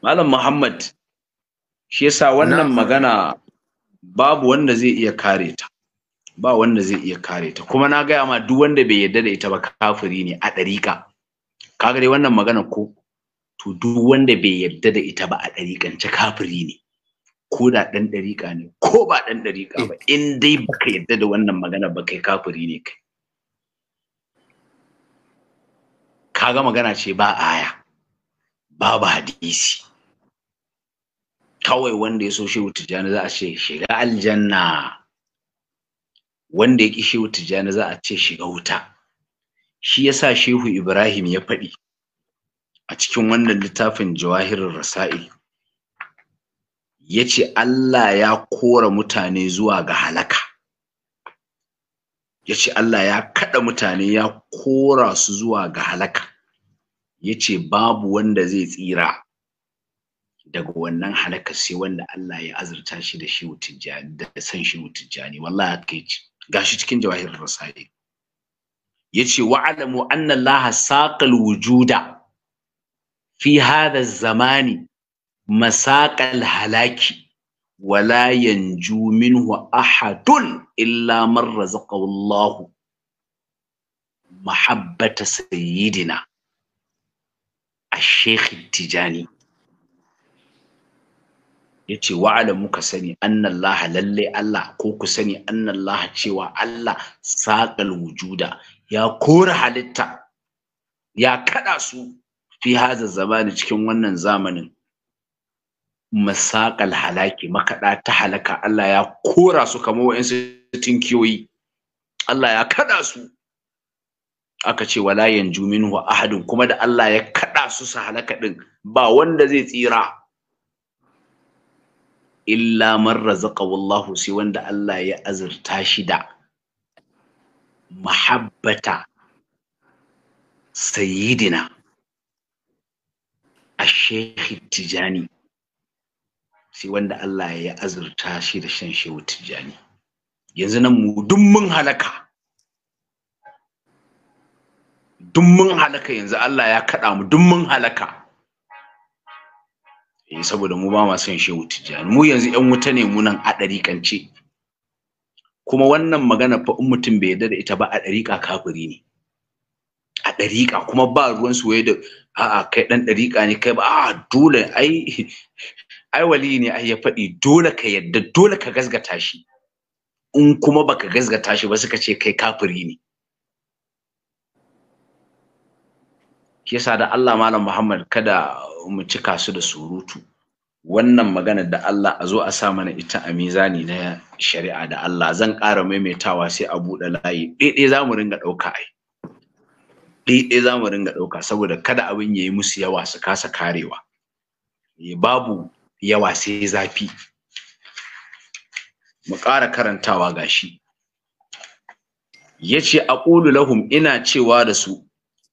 malam muhammad shi yasa wannan magana babu wanda zai iya kare ta ba wanda zai iya kare ta kuma na gaya ma duk wanda bai yarda da ita ba kafiri ne a ɗariƙa kaga dai wannan magana ko to duk wanda bai yarda da ita ba a ɗariƙance kafiri ne ko da ɗan ɗariƙa ne ko ba ɗan ɗariƙa ba eh. in dai baka yarda da wannan magana ba kai kafiri ne kai kaga magana ce ba aya babu hadisi kawai wanda ya so wuta jana za a ce shiga aljanna wanda ya shi wuta jana za a ce shiga wuta shi yasa shehu ibrahim ya faɗi a cikin wannan littafin jawahirin rasa'il ya ce allah ya kora mutane zuwa ga halaka ya ce allah ya kaɗa mutane ya kora su zuwa ga halaka ya ce babu wanda zai tsira daga wannan halakar sai wanda Allah ya azurta shi da shi wutijjani da san shi wutijjani wallahi haka gashi cikin jawahir rasali yace wa alamu anna Allah saqal wujuda fi hadha zamani masaqal halaki wala yanju minhu ahadun illa man razaqahu Allah mahabbata sayyidina الشيخ التجاني Ya ce wa'alamu muka sani annallaha lalle Allah ko ku sani annallaha cewa Allah Saƙal wujuda ya kora halitta ya kaɗa su fi haza zamani cikin wannan zamanin masaƙal halaki makaɗa ta halaka Allah ya kora su kamar wa'ansu tinkiyoyi Allah ya kaɗa su aka ce wala yanju minhu ahadun kuma da Allah ya kaɗa su su halaka ɗin ba wanda zai tsira illa man razaqahu wallahu, sai wanda Allah ya azurta shi da mahabbata sayyidina ash-shaykh tijani sai wanda Allah ya azurta shi da shan shehu tijani yanzu nan mu duk mun halaka duk mun halaka yanzu Allah ya kaɗa mu duk mun halaka E, saboda mu ba ma son shehu tijjani mu yanzu yan wuta ne mu nan a ɗariƙance kuma wannan magana fa in mutum bai yarda da ita ba a ɗariƙa kafiri ne a ɗariƙa kuma ba ruwan su da a'a kai ɗan ɗariƙa ne kai ba a dole ai ai wali ne ai ya faɗi dole ka yarda dole ka gasgata shi in kuma baka gasgata shi ba suka ce kai kafiri ne shi yasa da Allah malam Muhammad kada mu cika su da surutu wannan magana da Allah a zo a sa mana ita a mizani na shari'a da Allah zan ƙara maimaitawa sai a buɗe layi ɗaiɗai za mu ringa ɗauka ai ɗaiɗai za mu ringa ɗauka saboda kada abin ya yi musu yawa su kasa karewa eh, babu yawa sai zafi mu ƙara karantawa gashi yace aqulu lahum ina cewa da su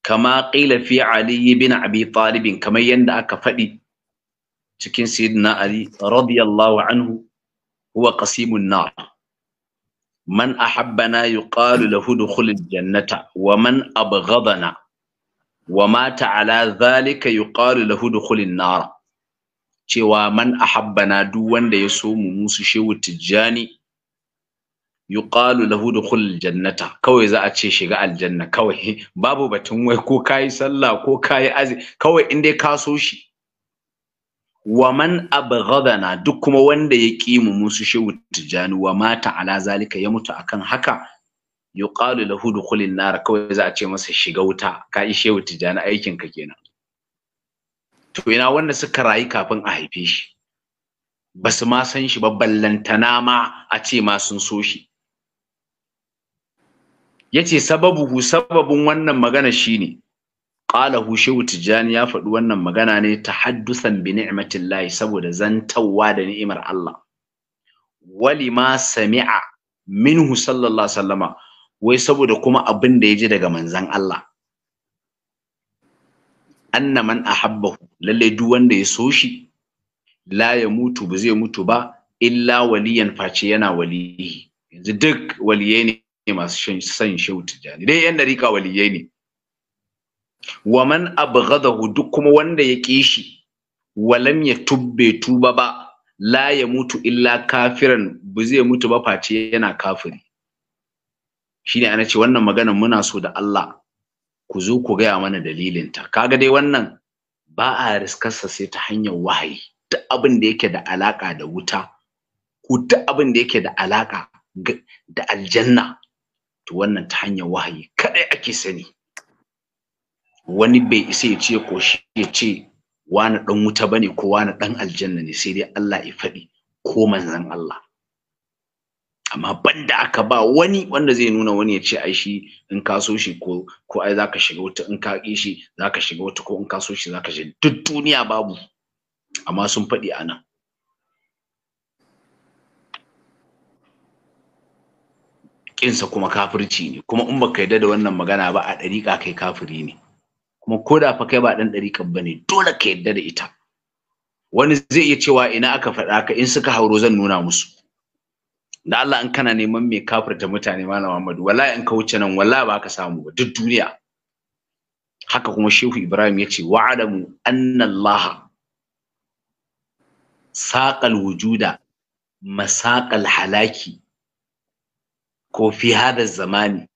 kama ƙila fi ali bin abi talib kamar yanda aka faɗi cikin sayyidina ali radiyallahu anhu huwa qasimun nar man ahabbana yuqalu lahu dukhul jannata wa man abghadana wa mata ala zalika yuqalu lahu dukhul nar cewa man ahabbana duk wanda ya so mu musu shehu tijjani yuqalu lahu dukhul jannata kawai za a ce shiga aljanna kawai babu batun wai ko kayi sallah ko kayi azi kawai in dai ka so shi wa man abghadana duk kuma wanda ya kimu musu shehu tijani wa mata ala zalika ya mutu akan haka yuqalu lahu dukhul nar kawai za a ce masa shiga wuta kai shehu tijani aikin ka kenan to ina wanda suka rayu kafin a haife shi basu ma san shi ba ballantana ma a ce ma sun so shi Ya yace sababuhu sababun wannan magana shine qalahu shehu tijani ya faɗi wannan magana ne tahaddusan bi ni'matillahi saboda zantawa da ni'imar Allah Wali ma sami'a minhu sallallahu sallama wai saboda kuma abin da ya ji daga manzan Allah anna man ahabbahu lalle duk wanda ya so shi la ya mutu ba zai mutu ba illa waliyan face yana waliyi yanzu duk waliyai ne masu son shehu tijjani dai yan dariƙa waliyai ne wa man abghadahu duk kuma wanda ya ƙi shi walam ya tubbe tuba ba la ya mutu illa kafiran bu zai mutu ba face yana kafiri shine ana ce wannan maganan muna so da Allah ku zo ku gaya mana dalilin ta kaga dai wannan ba a riskarsa sai ta hanyar wahayi duk abin da yake da alaka da wuta ko duk abin da yake da alaka da aljanna to wannan ta hanyar wahayi kadai ake sani wani bai isa ya ce ko shi ya ce wani dan wuta bane ko wani dan aljanna ne sai dai Allah ya faɗi ko manzon Allah amma banda aka ba wani wanda zai nuna wani ya ce ai shi in ka so shi ko ko ai zaka shiga wuta in ka ki shi zaka shiga wuta ko in ka so shi zaka shiga duk duniya babu amma sun faɗi anan ƙinsa kuma kafirci ne kuma in baka yarda da wannan magana ba a dariƙa kai kafiri ne kuma ko da fa kai ba dan ɗariƙan ba ne dole ka yarda da ita wani zai iya cewa ina aka faɗa ka in suka hauro zan nuna musu da Allah in kana neman mai kafirta mutane malam Muhammad wallahi in ka wuce nan wallahi ba ka samu ba duk duniya haka kuma Shehu Ibrahim ya ce wa'adamu anna Allah saqal wujuda masaqal halaki ko fi hada zamani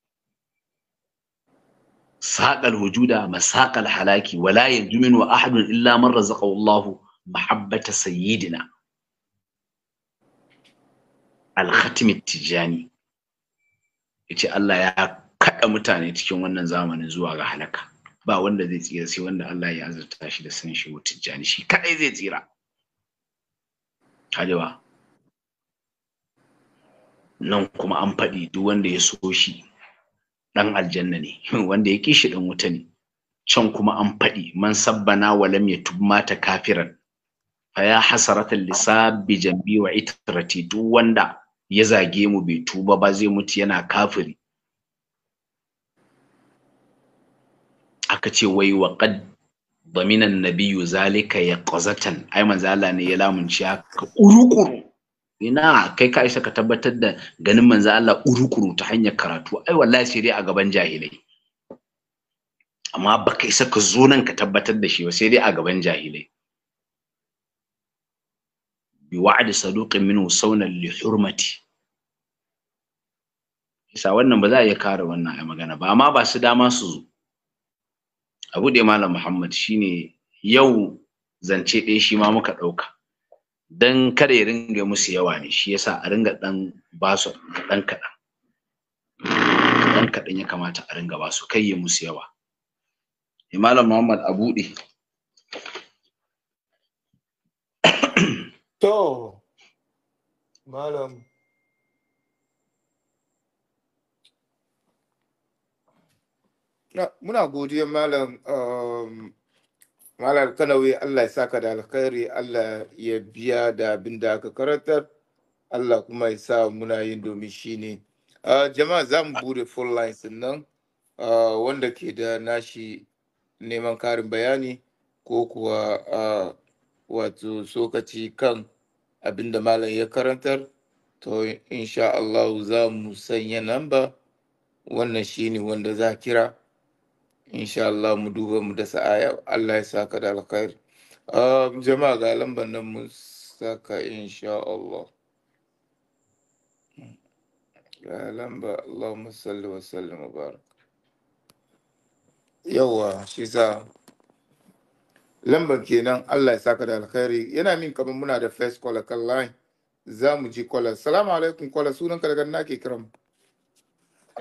saƙal hujuda masaƙal halaki wala yanzumin wa ahadun illa man razaqahu Allah mahabbata sayyidina al Tijjani. tijani yace Allah ya kada mutane cikin wannan zamanin zuwa ga halaka ba wanda zai tsira sai wanda Allah ya azurta shi da san shi tijani shi kadai zai tsira kaje nan kuma an faɗi duk wanda ya so shi ɗan aljanna ne wanda ya ƙi shi ɗan wuta ne can kuma an faɗi man sabbana wa lam yatub mata kafiran fa ya hasarata lisabbi jambi wa itrati duk wanda ya zage mu bai tuba ba zai mutu yana kafiri aka ce wai wa qad daminan nabiyyu zalika yaqzatan ai manzo Allah ne ya lamunci haka urukuru ina kai ka isa ka tabbatar da ganin manzo Allah urukuru ta hanyar karatu ai wallahi sai dai a gaban jahilai amma baka isa ka zo nan ka tabbatar da shi ba sai dai a gaban jahilai bi wa'd saduq minu sawna li hurmati isa wannan ba za a iya kare wannan ai magana ba amma ba su dama su zo abu da malam Muhammad shine yau zance ɗaya shi ma muka ɗauka don kada ya ringa musu yawa ne shi yasa a ringa dan basu kaɗan kaɗan kaɗan kaɗan ya kamata a ringa basu kai ya musu yawa eh, Malam Muhammad a buɗe to Malam muna godiya Malam um, malar kanawi allah ya saka da alkhairi allah ya biya da abin da aka karantar allah kuma ya sa muna yin domin shi ne ah, jama'a za mu bude full lines nan ah, wanda ke da nashi neman karin bayani ko kuwa ah, wato sokaci kan abin da malam ya karantar to insha Allah za mu sanya namba wannan shi ne wanda za kira insha Allah mu duba mu da sa'aya Allah ya saka da alkhairi um, jama'a ga lambar nan mu saka insha Allah ga lamba Allahumma salli wa salli mubarak yawa shi sa lambar kenan Allah ya saka da alkhairi yana min kamar muna da first caller kan line za mu ji caller salamu alaikum caller sunan ka daga nake kiran mu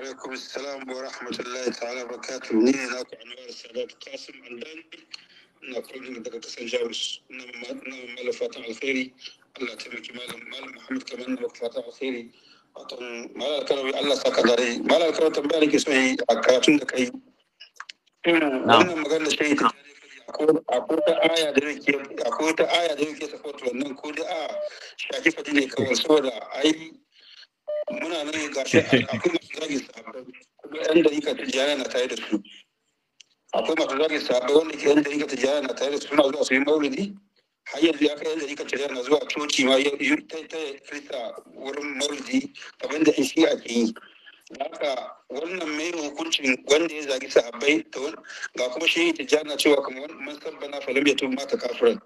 alaikum salam wa rahmatullahi ta'ala barakatuh ni ne naku anwar sadat kasim andan ina kwallon daga kasan jamus na mamala fatan alkhairi allah taimaki malam malam muhammad kamar na maka fatan alkhairi watan malar karawi allah saka dare malar karawi tambaya da ke so yi a karatun da kai wannan magana da yi akwai ta aya da nake akwai ta aya wannan a shafi fadi ne kawai muna nan zagin sahabbai akwai yan dariƙa tijjara na tare da su akwai masu zagin sahabbai wanda ke yan dariƙa tijjara na tare da su suna zuwa su yi maulidi har yanzu ya kai yan dariƙa tijjara na zuwa coci ma ya yi ta kirista wurin maulidi abin da in shi a ke yi haka wannan mai hukuncin wanda ya zagi sahabbai da ga kuma shi yi tijjara na cewa kamar man sabbana falam ya tun mata kafiran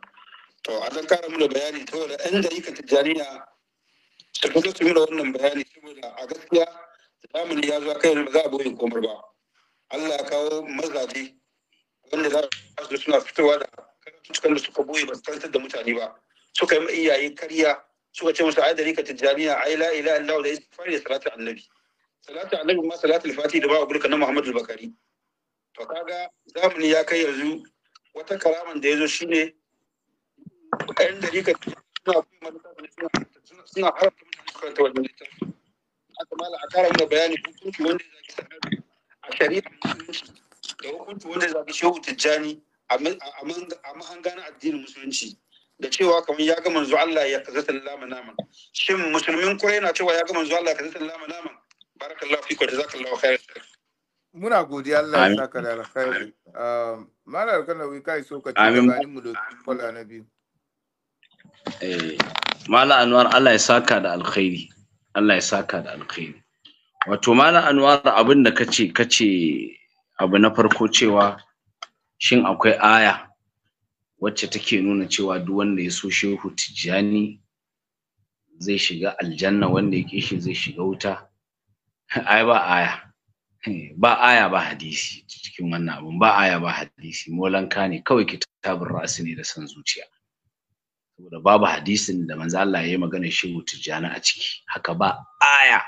to a zan kara mana bayani saboda yan dariƙa tijjariya su fito su yi wannan bayani saboda a gaskiya zamani ya zo kai ba za a boye komar ba Allah ya kawo mazaje wanda za su suna fitowa da cikin da suka boye ba su tantar da mutane ba suka yi iyaye karya suka ce musu ayyadari ka tijjaniya ai la ila Allah da istighfar da salatu annabi salatu annabi ma salatu al-fati da babu burka na Muhammadu Bakari to kaga zamani ya kai yanzu wata karaman da ya zo shi shine ɗan dalika suna suna haramta mutane su karanta wajen littafi aka a kara mana bayani hukunci wanda ya zaki a shari'a da hukunci wanda ya zaki shehu tijjani a mahangana addinin musulunci da cewa kamar ya ga manzo Allah ya kaza naman shin musulmin kurai na cewa ya ga manzo Allah ya naman barakallahu fiku muna godiya Allah ya saka da alkhairi um, malar kai so ka ci mu kwala na biyu eh mala anwar Allah ya saka da alkhairi Allah ya saka da alkhairi wato malam anwar abin da kace kace abu na farko cewa shin akwai aya wacce take nuna cewa duk wanda ya so shehu tijjani zai shiga aljanna wanda ya ƙi shi zai shiga wuta ai ba aya ba aya ba hadisi cikin wannan abun ba aya ba hadisi molanka ne kawai kitabun ra'asi ne da san zuciya saboda babu hadisin da manzo Allah ya yi magana shehu tijjani a ciki haka ba aya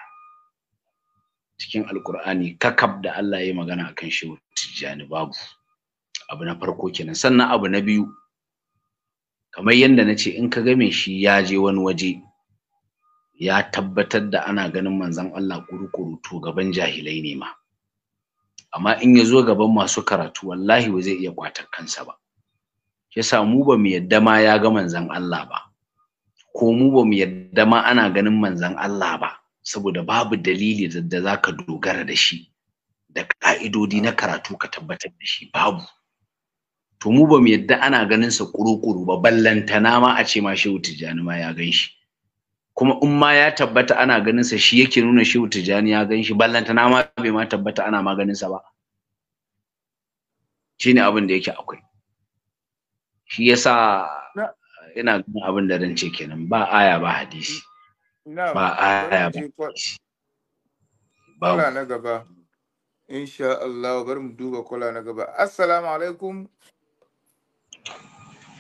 cikin alkur'ani kakab da Allah ya yi magana akan shehu tijjani babu abu na farko kenan sannan abu na biyu kamar yadda na ce in ka game shi ya je wani waje ya tabbatar da ana ganin manzon Allah kurukuru to gaban jahilai ne ma amma in ya zo gaban masu karatu wallahi ba zai iya kwatar kansa ba yasa mu ba mu yadda ma ya ga manzan Allah ba ko mu ba mu yadda ma ana ganin manzan Allah ba saboda babu dalili da za ka dogara da shi da ka'idodi na karatu ka tabbatar da shi babu to mu ba mu yadda ana ganin sa kurukuru ba ballantana ma a ce ma shehu tijjani ma ya gan kuma in ma ya tabbata ana ganin sa shi yake nuna shehu tijjani ya gan shi ballantana ma bai ma tabbata ana ma ganin sa ba shine abin da yake akwai shi yasa ina gani abin da rance kenan ba aya ba hadisi ba aya ba hadisi ba na gaba insha Allah bari mu duba kula na gaba assalamu alaikum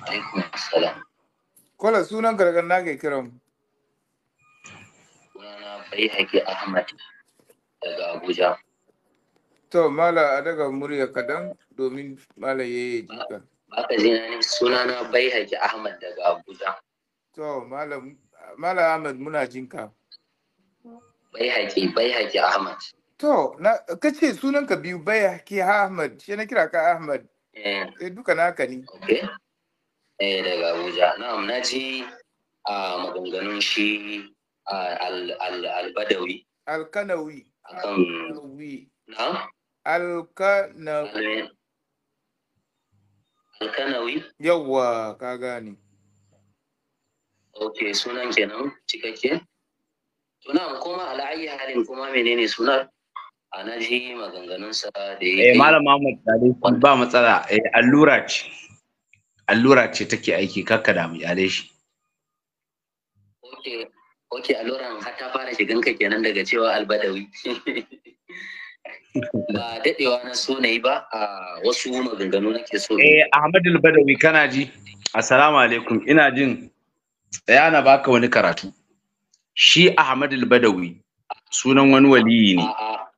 alaikum assalam kola sunan gargar na ke kiran sunana bai haƙi ahmad daga abuja to mala a daga murya kadan domin mala ya yi jikan Baka jina ne na bai haƙi Ahmad daga Abuja. To, Malam Ahmad muna jinka. Bai haƙi, bai haƙi Ahmad. To, ka ce ka biyu bai haƙi Ahmad, shi na kira ka Ahmad. Eh. eh, duka naka ne. Okay. Eh, daga Abuja. Na'am, na ji a maganganun shi al al albadawi. al kanawi Na? Alkanawi. alkanawi yawwa ka gane ok sunan kenan cikakke suna kuma ala'ayi halin kuma menene sunar a na ji maganganunsa da ya yi eh, malam mahmud dare ba matsala eh, allura ce allura ce take aiki kakka da mu yare shi ok ok alluran har ta fara ka kenan daga cewa albadawi ba dadewa na so na yi ba a wasu maganganu nake so eh ahmad Badawi kana ji assalamu alaikum ina jin tsaya na baka wani karatu shi ahmad Badawi sunan wani waliyi ne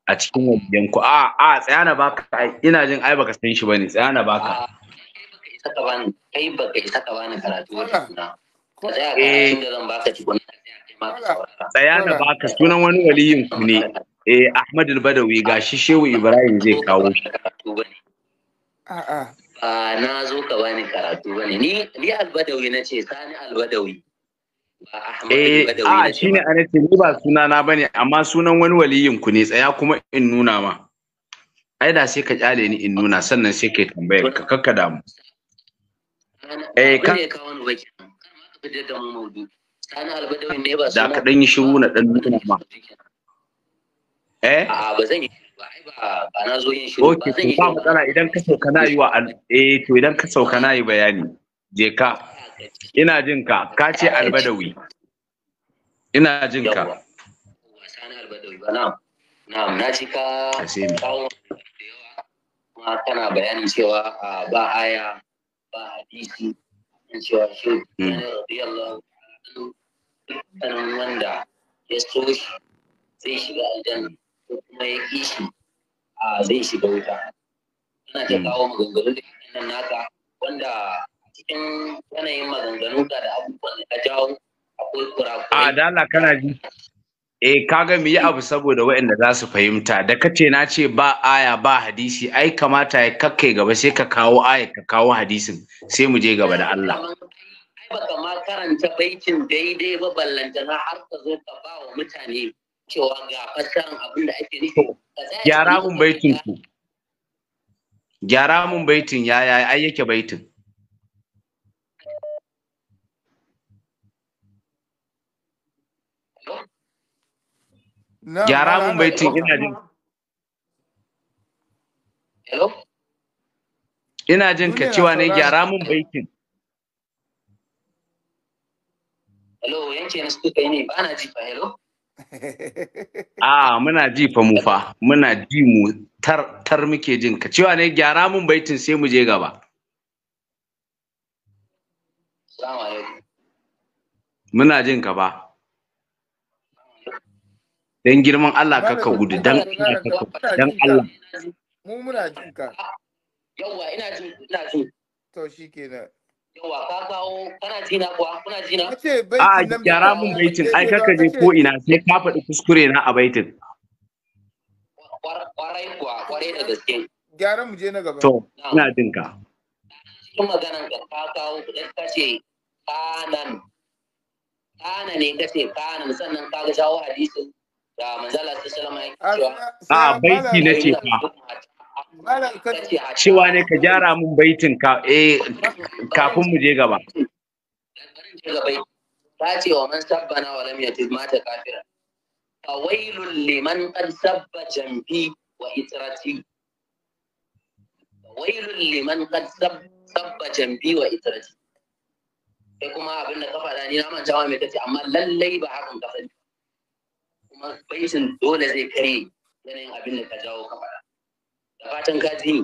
a cikin wajen ku a a tsaya na baka ina jin ai baka san shi bane tsaya na baka kai baka isa ka bani karatu wannan tsaya eh. ka zan baka tukuna tsaya na baka sunan wani waliyin ku ne eh Ahmad al-Badawi gashi Shehu Ibrahim zai kawo shi a'a ba na zo ka bani karatu bane ni ni al-Badawi nace sani al-Badawi Eh, a shi ne a nace ni ba suna na bane amma sunan wani waliyin ku ne tsaya kuma in nuna ma ai da sai ka kyale ni in nuna sannan sai kai tambayar ka kakka eh, da mu eh ka da ka dan yi shiru na dan nuna ma eh a ba zan yi ba ba na zo yin shiru ba zan yi shiru ba idan ka sauka na yi wa eh to idan ka sauka na yi bayani je ka ina jin ka ka ce albadawi ina jin ka Na albadawi ba na'am na'am na ji ka kawo kuma kana bayanin cewa ba aya ba hadisi kan cewa shi hmm. radiyallahu anhu dukkanin wanda ya so shi zai shiga aljanna a da yanayin maganganu kana ji Eh kaga mu abu saboda waɗanda za su fahimta da kace na ce ba aya ba hadisi ai kamata ya kakke gaba sai ka kawo aya ka kawo hadisin sai mu je gaba da Allah. Ai baka ma karanta baitin daidai ba ballantana har ka zo ka ba wa mutane cewa ga fassaran abin da ake nufi gyara mun baitin ku gyara mun baitin ya ya ai yake baitin gyara mun baitin ina jin hello ina jin ka cewa ne gyara mun baitin hello yanke na suka yi ne ba na ji fa hello a ah, muna ji fa mu fa muna ji mu tar tar muke jin ka cewa ne gyara mun baitin sai mu je gaba muna jin ka ba dan girman Allah ka ka gudu dan dan Allah mu muna jin ka yawa ina jin ina jin to shikenan yawa a gyara mun baitin ai kaka je ko ina sai ka faɗi kuskure na a baitin kuwa da gaske gyara mu je na gaba to ina jin ka cikin maganan ka ka kawo kanan ne kanan sannan ka ga shawo hadisin da manzala a baiti na ce fa cewa ne ka gyara mun baitin ka eh kafin mu je gaba ta ce wa man sabbana wa lam yatid mata kafira fawailul liman qad sabba jambi wa itrati fawailul liman qad sabba jambi wa itrati sai kuma abin da ka faɗa ni na manta wa mai kace amma lallai ba hakan ka sani kuma baitin dole zai kare yanayin abin da ka jawo ka faɗa fatan ka ji ni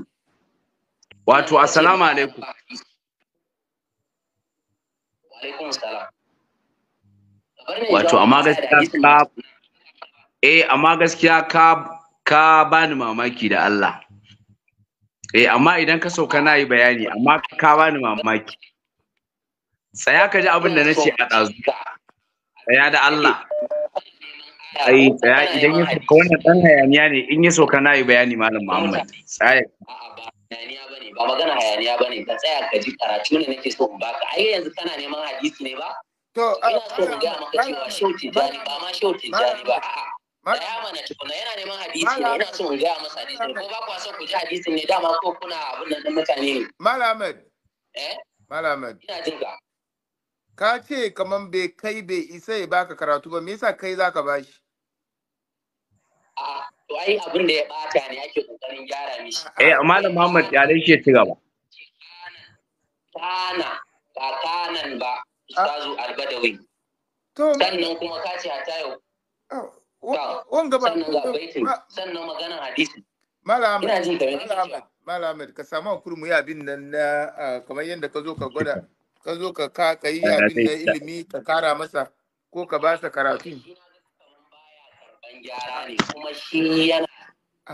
wato assalamu alaikum wa alaikum assalam wato amma gaskiya ka eh amma gaskiya ka ka bani mamaki da Allah eh amma idan ka sauka na yi bayani amma ka bani mamaki tsaya ka ji abin da na ce a ɗazu tsaya da Allah ai tsaya idan ya soka wannan dan hayaniya ne in ya soka na yi bayani malam muhammad tsaya hayaniya bane ba magana hayaniya bane ka tsaya ka ji karatu ne nake so in baka ai yanzu kana neman hadisi ne ba to ina so in ga maka cewa shauti jani ba ma shauti jani ba a'a Da ya mana tukuna yana neman hadisi ne ina so in ga masa hadisi ko ba kwa so ku ji hadisi ne dama ko kuna abin nan mutane ne Malam eh malamed ina jin ka ka ce kamar bai kai bai isa ya baka karatu ba me yasa kai zaka bashi to ai abin da ya bata ne ake kokarin gyara mishi eh malam Muhammad ya dai ke ci gaba kana ba kanan ba ustazu albadawi sannan kuma ka ce hata yau oh, wanga ba sannan ga baitin sannan maganar hadisi malam ina jin ka malam ka samu hakuri mu yi abin nan na kamar yadda ka zo ka gwada ka zo ka ka yi abin da ilimi ka kara masa ko ka ba sa karatu dan gyara ne kuma shi yana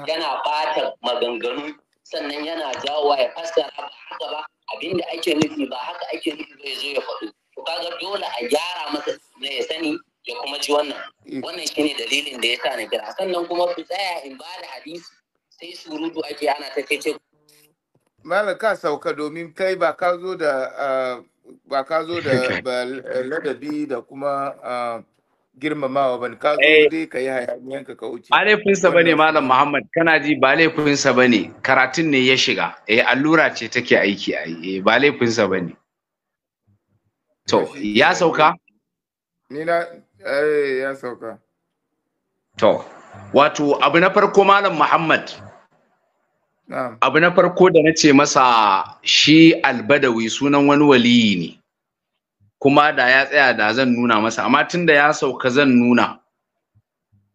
yana bata maganganu sannan yana jawowa ya fassara ba haka ba abinda ake nufi ba haka ake nufi ba ya zo ya faɗo to kaga dole a gyara masa na ya sani ya kuma ji wannan wannan shine dalilin da ya sa na kira sannan kuma ku tsaya in ba da hadisi sai surutu ake ana ta ce Malam ka sauka domin kai ba ka zo da ah, ba ka zo da ladabi da kuma ah, girmamawa bane ka zo eh. dai ka yi hayaniyan ka wuce ba laifinsa bane malam muhammad kana ji ba laifinsa bane karatun ne ya shiga eh allura ce take aiki ai eh ba laifinsa bane to ya sauka ni na eh ya sauka to wato abu na farko malam muhammad abu na farko da na ce masa shi albadawi sunan wani waliyi ne kuma da ya tsaya da zan nuna masa amma tunda ya sauka zan nuna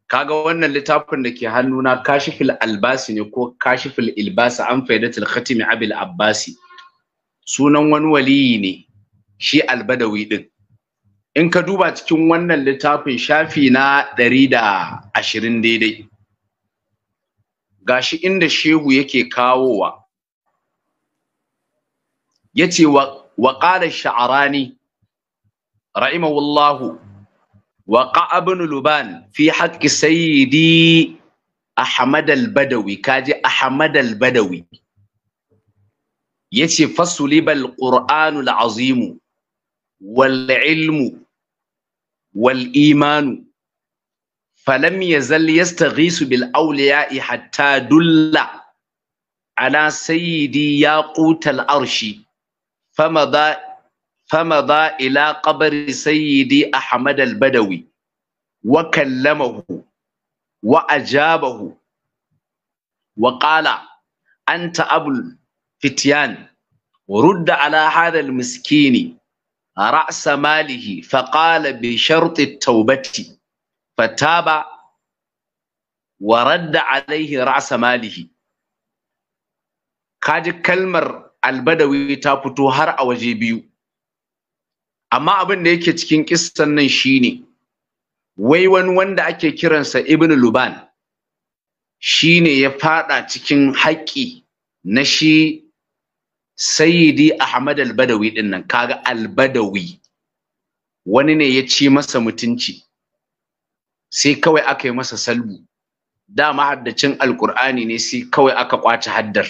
kaga wannan littafin da ke hannuna kashifil albasi ne ko kashifil ilbasi an faidatul khatimi abil abbasi sunan wani waliyi ne shi albadawi din in ka duba cikin wannan littafin shafi na ɗari da ashirin daidai gashi inda shehu yake kawowa yace ce wa ƙalar sha'arani rahimahullahu wa ibn luban fi haqqi sayyidi ahmad al-badawi kaji ahmad al-badawi yace fasulibal qur'anul azimu wal ilmu wal imanu فلم يزل يستغيث بالأولياء حتى دل على سيدي ياقوت الأرش فمضى فمضى إلى قبر سيدي أحمد البدوي وكلمه وأجابه وقال أنت أبو الفتيان ورد على هذا المسكين رأس ماله فقال بشرط التوبة فتاب ورد عليه رأس ماله kaji kalmar albadawi ta fito har a waje biyu amma abin da yake cikin kissan nan shine wai wani wanda ake kiransa ibn luban shine ya fada cikin haƙƙi na shi sayyidi ahmad al-badawi din nan kaga al wani ne ya ci masa mutunci sai kawai aka yi masa salbu da mahaddacin alkur'ani ne sai kawai aka kwace haddar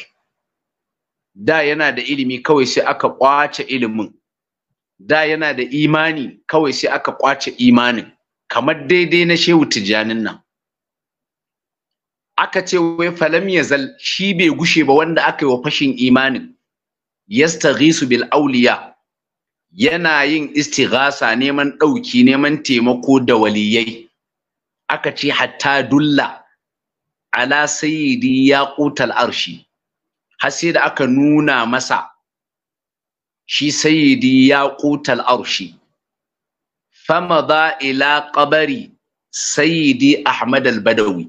da yana da ilimi kawai sai aka kwace ilimin da yana da imani kawai sai aka kwace imanin kamar daidai na shehu tijjanin nan aka ce wai falam yazal shi bai gushe ba wanda aka yi wa fashin imanin yastaghisu bil auliya yana yin istighasa neman ɗauki neman taimako da waliyai aka ce hatta dulla ala sayyidi ya arshi har sai da aka nuna masa shi sayidi ya kutal arshi famada ila qabari sayyidi ahmad Albadawi.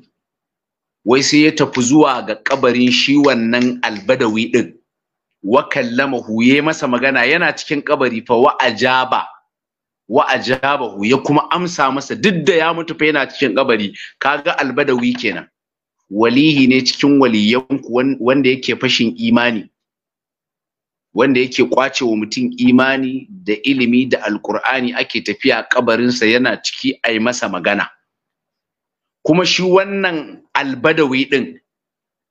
wai sai ya tafi zuwa ga kabarin shi wannan albadawi din wa kallama huye masa magana yana cikin kabari fa wa ajaba wa ajaba ya kuma amsa masa duk da ya mutu fa yana cikin kabari kaga albadawi kenan walihi ne cikin waliyanku wanda yake fashin imani wanda yake kwace wa mutum imani da ilimi da alkur'ani ake tafiya kabarinsa yana ciki a yi masa magana kuma shi wannan albadawi din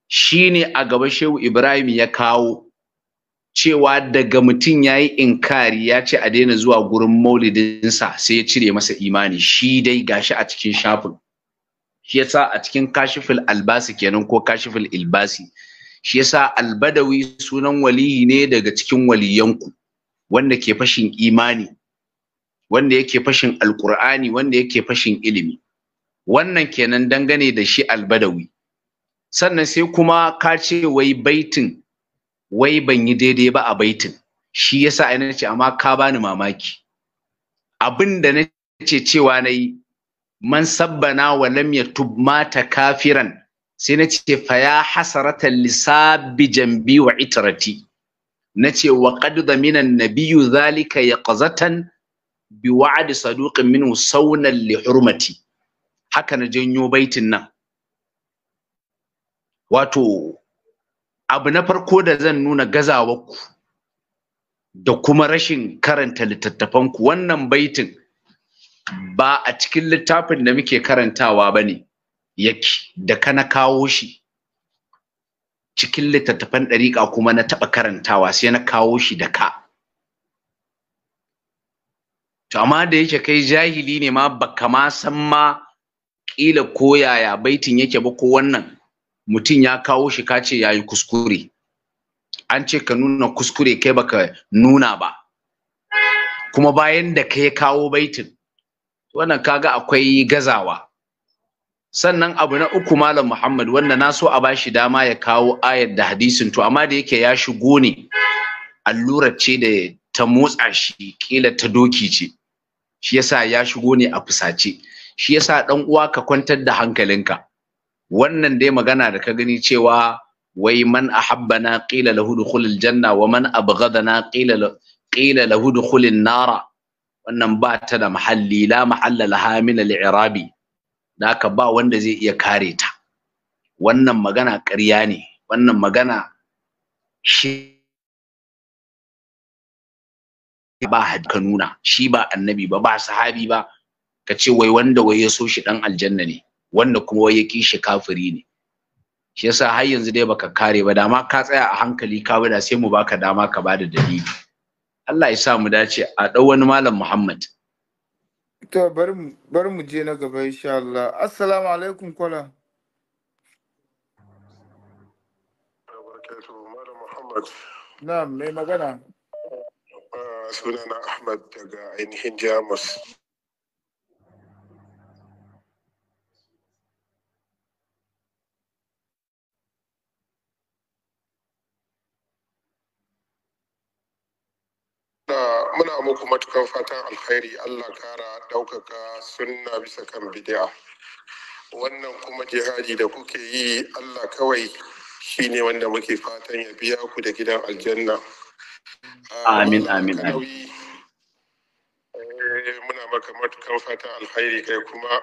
shi ne a gaba shehu ibrahim ya kawo cewa daga mutum ya yi inkari ya ce a daina zuwa gurin sa sai ya cire masa imani shi dai gashi a cikin shafin shi yasa a cikin kashifil albasi kenan ko kashifil ilbasi shi yasa albadawi sunan waliyi ne daga cikin waliyanku wanda ke fashin imani wanda yake fashin alkur'ani wanda yake fashin ilimi wannan kenan dangane da shi albadawi sannan sai kuma ka ce wai baitin wai ban yi daidai ba a baitin shi yasa ai nace amma ka bani mamaki abin da nace cewa nayi man sabbana wa lam yatub mata kafiran sai na ce fa ya hasarata lisabi jambi wa itrati na ce wa qad zamina nabiyyu zalika yaqzatan bi wa'adi saduƙin minhu sawnan li hurmati haka na janyo baitin nan wato abu na farko da zan nuna gazawarku da kuma rashin karanta littattafanku wannan baitin ba a cikin littafin da muke karantawa ba ne yake da kana kawo shi cikin littattafan ɗariƙa kuma na taɓa karantawa sai na kawo shi da ka to amma da yake kai jahili ne ma baka ma san ma ƙila ko yaya baitin yake ba ko wannan mutum ya kawo shi ka ce ya yi kuskure an ce ka nuna kuskure kai baka nuna ba kuma bayan da ka kawo baitin wannan kaga akwai gazawa sannan abu na uku malam muhammad wanda na so a bashi dama ya kawo ayar da hadisin to amma da yake ya shigo ne allurar ce da ta motsa shi kila ta doki ce shi yasa ya shigo ne a fusace shi yasa dan uwa ka kwantar da hankalinka wannan dai magana da ka gani cewa wai man ahabbana qila lahu dukhulil janna wa man abghadana qila qila lahu dukhulin nara wannan ba ta da mahalli la mahalla laha min al-i'rabi da haka ba wanda zai iya kare ta wannan magana ƙarya ne wannan magana shi ba ka nuna shi ba annabi ba ba sahabi ba ka ce wai wanda wai ya so shi dan aljanna ne wanda kuma wai ya ki shi kafiri ne shi yasa har yanzu dai baka kare ba dama ka tsaya a hankali ka bada sai mu baka dama ka bada dalili Allah ya sa mu dace a ɗau wani malam Muhammad To bari mu je na gaba insha Allah. Assalamu alaikum kwala. Na'am, mai magana. Eh, sunana Ahmad daga ainihin Jamus. muna muku matukan fatan alkhairi Allah kara ɗaukaka sunna bisa kan bid'a wannan kuma jihadi da kuke yi Allah kawai shine wanda muke fatan ya biya ku da gidan aljanna amin ah, amin muna maka eh, matukan fatan alkhairi kai kuma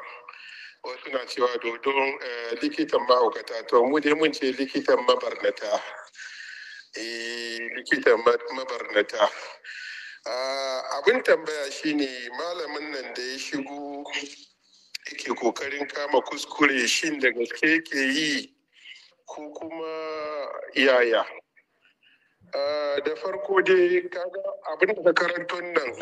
wasu na cewa dodon eh, likitan ma'aukata to mu dai mun ce likitan mabarnata eh, likitan mabarnata Ah, abin tambaya shine malamin nan da ya shigo yake kokarin kama kuskure shin da gaske yake yi ko kuma yaya ah, da farko dai kaga abin da karanton nan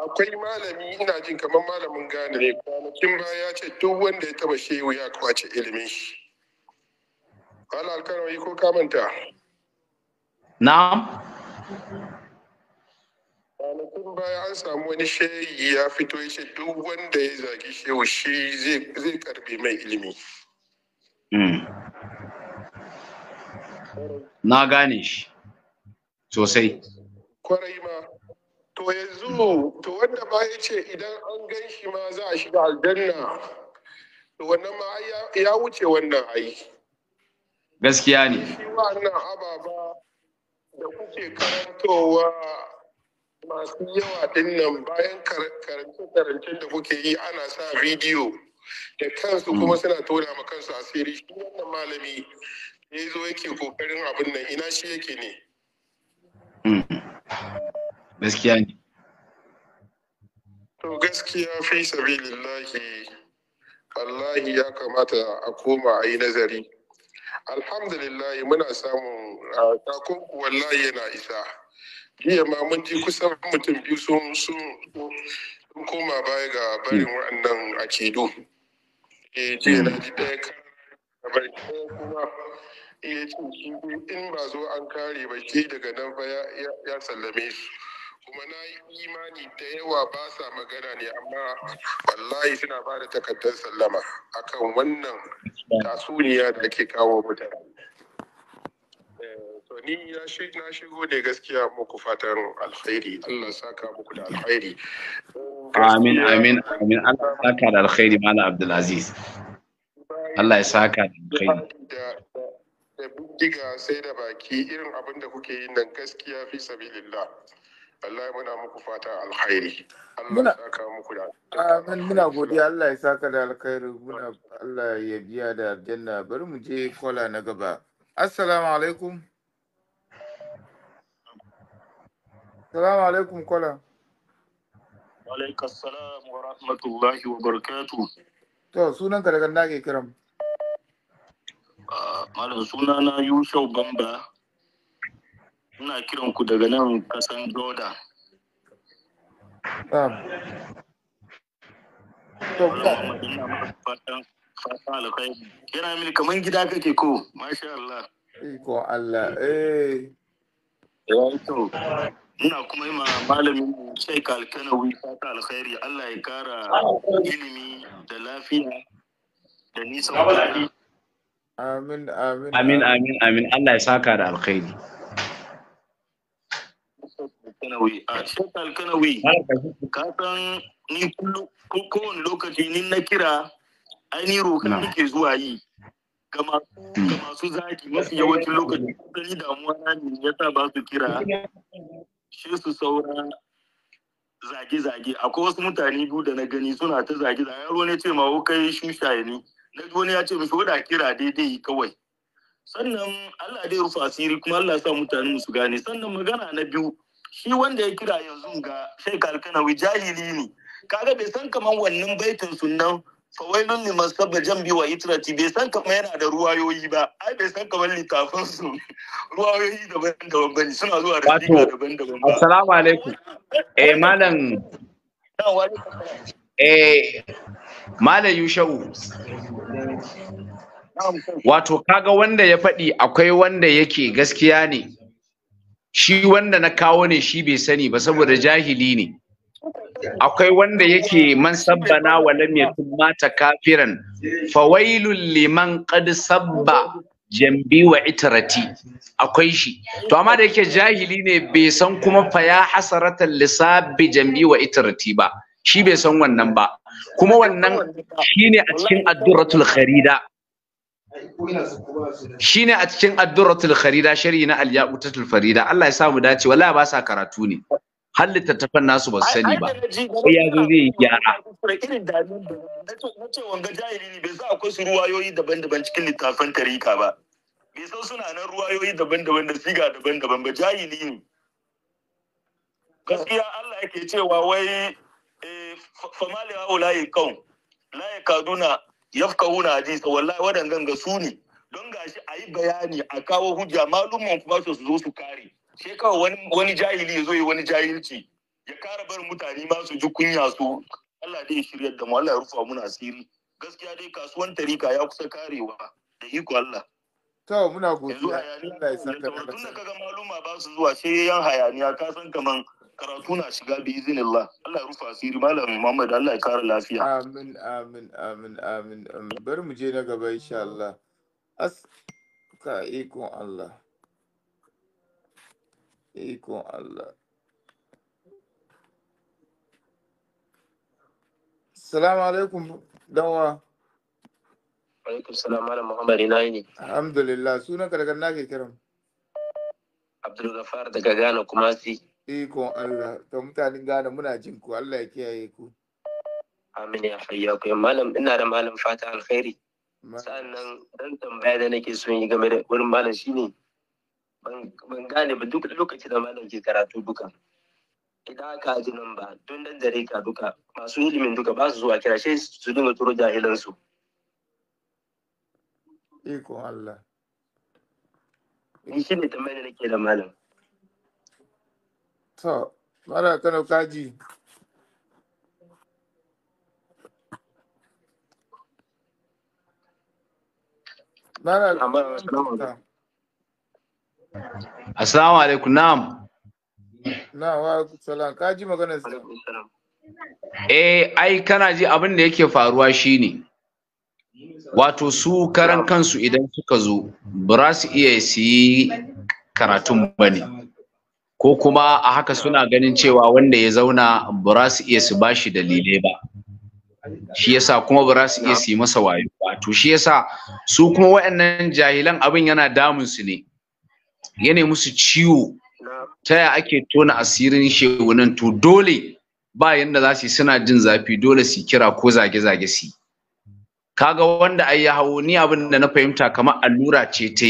akwai malami ina jin kamar malamin gane ne kwanakin baya ya ce duk wanda ya taba shehu ya kwace ilimin shi ala alkarwa ko kamanta na'am kwanakun baya an samu wani shehi ya fito ya ce duk wanda ya zagi shehu shi zai karbe mai ilimi hmm. na gane shi sosai kwarai ma to yanzu to wanda ba ya ce idan an gan shi ma za a shiga aljanna to wannan ma ya wuce wannan ai gaskiya ne shi wannan ababa da kuke karantowa masu yawa din nan bayan karance karance da kuke yi ana sa bidiyo da kansu kuma mm. suna tona ma kansu asiri shi wannan malami ya zo yake kokarin abin nan ina shi yake ne mm. gaskiya ne to gaskiya fi sabilillahi Allahi ya kamata a koma a yi nazari alhamdulillahi muna samun ah, takon wallahi yana isa jiya ma mun ji kusan mutum biyu sun sun koma baya ga barin waɗannan akidu eh jiya na ji ɗaya bari kuma iya ce in ba zo an kare ba ke daga nan fa ya sallame su kuma na yi imani da yawa ba sa magana ne amma wallahi suna ba da takardar sallama akan wannan tasuniya da ake kawo mutane ni na shigo ne gaskiya muku fatan alkhairi Allah saka muku da alkhairi amin amin amin Allah saka da alkhairi malam Abdulaziz Allah ya saka da alkhairi da bindiga sai da baki irin kuke nan gaskiya fi sabilillah muna muku fata alkhairi Allah ya saka muku da ah, amin muna godiya Allah ya saka da alkhairi muna Allah ya biya da aljanna bari mu je kola na gaba assalamu alaikum Salamu alaikum kwala. Alaikar salam wa rahmatullahi wa barakatu. To sunan ka daga nake kiran. Ah, malam suna na Yushau Bamba. Ina kiran ku daga nan kasan Jordan. Yana mini kamar gida kake ko, masha Allah. Iko Allah, eh. Yawan eh, ina kuma yi ma malamin Sheikh Alkanawi fata alkhairi Allah ya kara ilimi da lafiya da nisan wani Amin amin amin amin amin Allah ya saka da alkhairi. Alkanawi a Sheikh Alkanawi ka san ni kowane lokaci ni na kira ainihin rokan nake zuwa yi ga masu zaki mafi yawancin lokaci kusan damuwa na ne ya sa ba su kira shi su saura zage-zage akwai wasu mutane biyu da na gani suna ta zage-zage yaro ne ce ma kai shushaye ne na wani ya ce musu wada kira daidai kawai sannan Allah dai rufa asiri kuma Allah sa mutane su gane sannan magana na biyu shi wanda ya kira yanzu ga shekaru Alkanawi jahili ne kaga bai san kamar wannan baitin sunan fawailun ne masu Jan jambi wa itirati bai san kama yana da ruwayoyi ba ai bai san kamar littafin su ruwayoyi daban-daban bane suna zuwa da diga daban-daban ba assalamu alaikum eh malam eh malam yushau wato kaga wanda ya faɗi akwai wanda yake gaskiya ne shi wanda na kawo ne shi bai sani ba saboda jahili ne akwai wanda yake man sabbana wa lam mata kafiran fawailul liman qad sabba jambi wa itrati akwai shi to amma da yake jahili ne bai san kuma fa ya hasaratan lisabi jambi wa itrati ba shi bai san wannan ba kuma wannan shine a cikin addurratul kharida shine a cikin addurratul kharida shari'i na al-yaqutatul farida Allah ya sa mu dace wallahi ba sa karatu ne har littattafan nasu ba sani ba sai ya zo zai gyara na ce wanga jahili ne bai sa akwai su ruwayoyi daban-daban cikin littafan tarika ba bai san suna nan ruwayoyi daban-daban da siga daban-daban ba jahili ne gaskiya Allah yake cewa wai eh, famali wa ulayi kaun layi kaduna yafkahuna hadisa wallahi wadannan ga su ne don gashi a yi bayani a kawo hujja malumman kuma su zo su kare sai kawai wani jahili ya zo yi wani jahilci ya kara barin mutane ma su ji kunya su Allah dai shirya da mu Allah ya rufa muna asiri gaskiya dai kasuwan tarika ya kusa karewa da iko Allah to muna godiya Allah ya saka da tun da kaga maluma ba su zuwa sai yan hayaniya ka san kaman karatu na shiga bi iznillah Allah ya rufa asiri malam Muhammad Allah ya kara lafiya amin amin amin amin bari mu je na gaba insha Allah as ka ikon Allah Ikon e Allah. Salamu alaikum dawa. Alaikum salam malam Muhammad ina ne. Alhamdulillah sunan daga na ke kiran. Abdul Gafar daga Ghana kuma si. E Allah to mutanen Ghana muna jin ku Allah ya kiyaye ku. Amin ya hayya ku malam ina da malam fata alkhairi. Sannan dan tambaya da nake son yi game da wurin malam shine. ne. ban gane ba duk lokacin da malam ke karatu duka idan aka ji nan ba don dan dare ka duka masu ilimin duka ba su zuwa kira shi su dinga turo su iko Allah ni shine ne tambayar da nake da malam to mara kano kaji Mara, Assalamu alaikum na'am. Na wa salam ka ji maganar Eh ai kana ji abin da yake faruwa shine wato su karan kansu idan suka zo ba su iya su yi karatun bane ko kuma a haka suna ganin cewa wanda ya zauna ba su iya su bashi dalilai ba. shi yasa kuma ba su iya su yi masa wayo Wato shi yasa su kuma waɗannan jahilan abin yana damun su ne yana musu ciwo ta ya ake tona asirin nan to dole ba yanda za su yi suna jin zafi dole su kira ko zage-zage su kaga wanda ai ya hawo ni abin da na fahimta kamar allura ce ta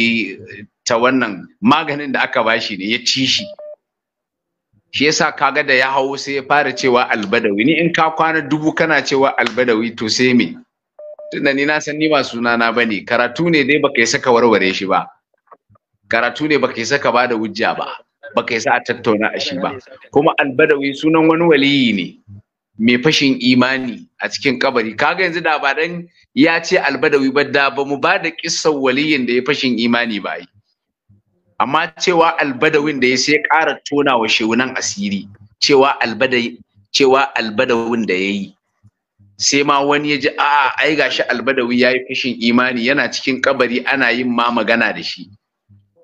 ta wannan maganin da aka bashi ne ya ci shi shi yasa kaga da ya hawo sai ya fara cewa albadawi ni in ka kwana dubu kana cewa albadawi to sai me tunda ni na san ni ba sunana bane karatu ne dai baka yi saka warware shi ba karatu ne baka isa ka bada hujja ba baka isa a tattauna a shi ba kuma albadawi sunan wani waliyi ne mai fashin imani a cikin kabari kaga yanzu da ba dan ya ce albadawi ba da ba mu ba da kissan waliyin da ya fashin imani ba yi amma cewa albadawin da ya sai ƙara tona wa shewunan asiri cewa albadai cewa albadawin da ya yi sai ma wani ya ji a'a ai gashi albadawi ya yi fashin imani yana cikin kabari ana yin ma magana da shi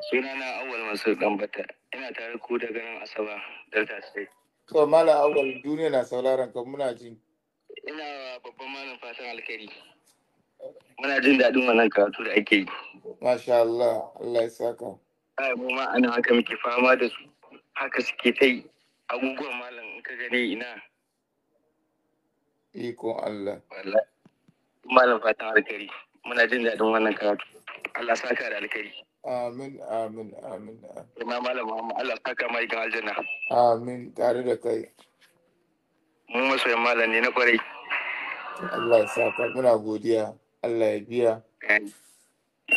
sunana awal masu gambata ina tare ku daga nan asaba delta state to mala awal duniya na sauraron ka muna jin ina babban malam fatan alkari muna jin daɗin wannan karatu da ake yi masha Allah Allah ya saka ai mu ma ana haka muke fama da su haka suke ta yi abubuwan malam in ka gani ina iko Allah malam fatan alkari muna jin daɗin wannan karatu Allah saka da alkari Amin, amin, amin. Ina Malam Muhammad Allah kaka mai ga aljanna. Amin, tare da kai. Mu masoyan malam ne na kwarai. Allah ya saka muna godiya. Allah ya biya.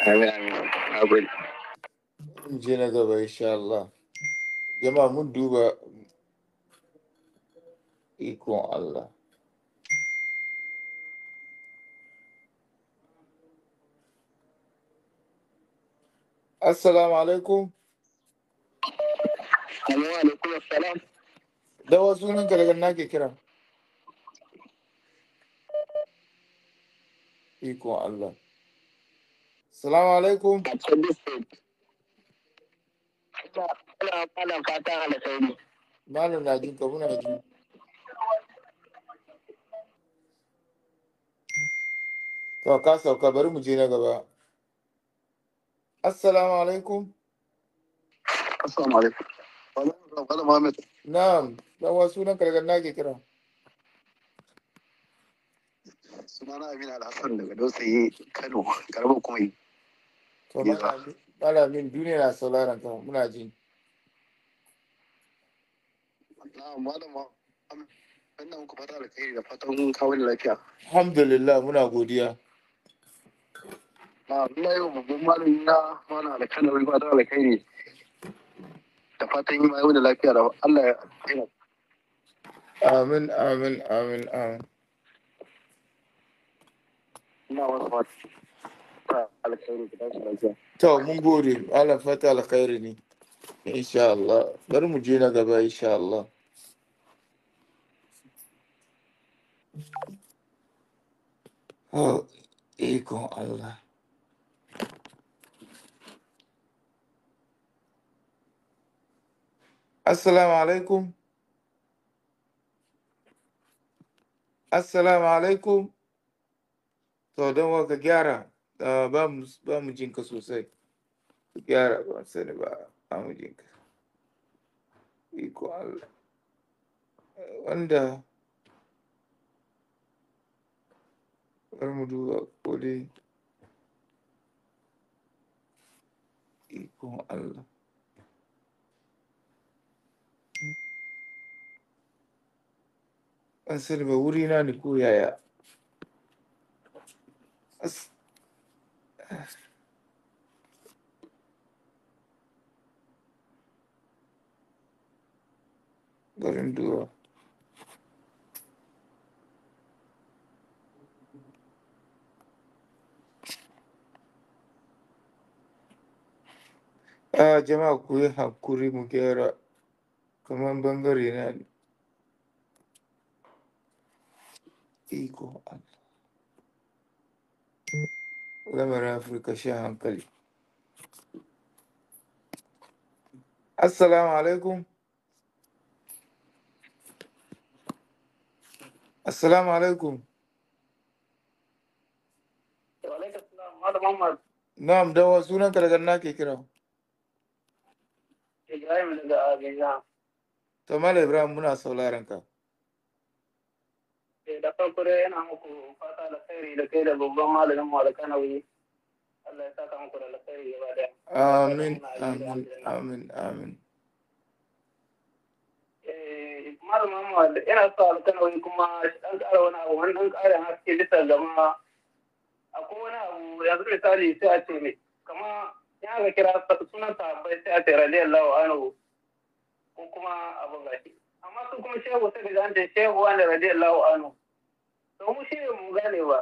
Amin, amin. Agwai. Mun je na gaba insha Allah. Jama'a mun duba ikon Allah. Assalamu alaikum. Assalamu alaikum assalam. Da wasu nan ka daga nake kira. Iko Allah. Assalamu alaikum. Malam Malam na jin ka na jin. To ka sauka bari mu je na gaba. Assalamu alaikum. Assalamu alaikum. Wala Muhammad. Na'am, dan wa sunan kargan nake kira. Sunana Aminu Alhassan daga Dausayi Kano, karamin kuma yi. To malamin duniya na sauraron ka muna jin. Na'am, malama. Ina muku fata alkhairi da fatan kawai lafiya. Alhamdulillah muna godiya. Allah yau babban malami na mana alkana bai fata alkhairi da fatan yi mai da lafiya da Allah ya tsina. Amin amin amin amin. Ina wasu fata alkhairi da tashi lafiya. To mun gode Allah fata alkhairi ne. Insha Allah bari mu je na gaba insha Allah. Oh, ikon Allah. Assalamu alaikum. Assalamu alaikum. To don waka ah, gyara ba mu jinka sosai. Gyara ba sani ba ba mu jinka. Iko Allah. Wanda bari mu duba ko dai Allah. an sarba wurina ya ya yaya garin duwa a jama'a ku yi hankuri mu gyara Iko Allah. Lamarin Afirka shi hankali. Assalamu alaikum. Assalamu alaikum. Na'am, dan wa sunan daga na ke kira. Ibrahim daga Abidjan. Tamal Ibrahim muna sauraron ka. da farko dai yana muku fata alkhairi da kai da babban malamin mu da kanawi Allah ya saka muku da alkhairi gaba daya amin amin amin amin eh malamin mu yana so alkanawi kuma dan ƙara wani abu wani dan ƙara haske bisa gama akwai wani abu yanzu misali sai a ce mai kama ya ga kira sunan bai sai a ce radiyallahu anhu ko kuma abu gashi amma su kuma shehu sai da zan ce shehu wani radiyallahu anhu to mu shi ne mu gane ba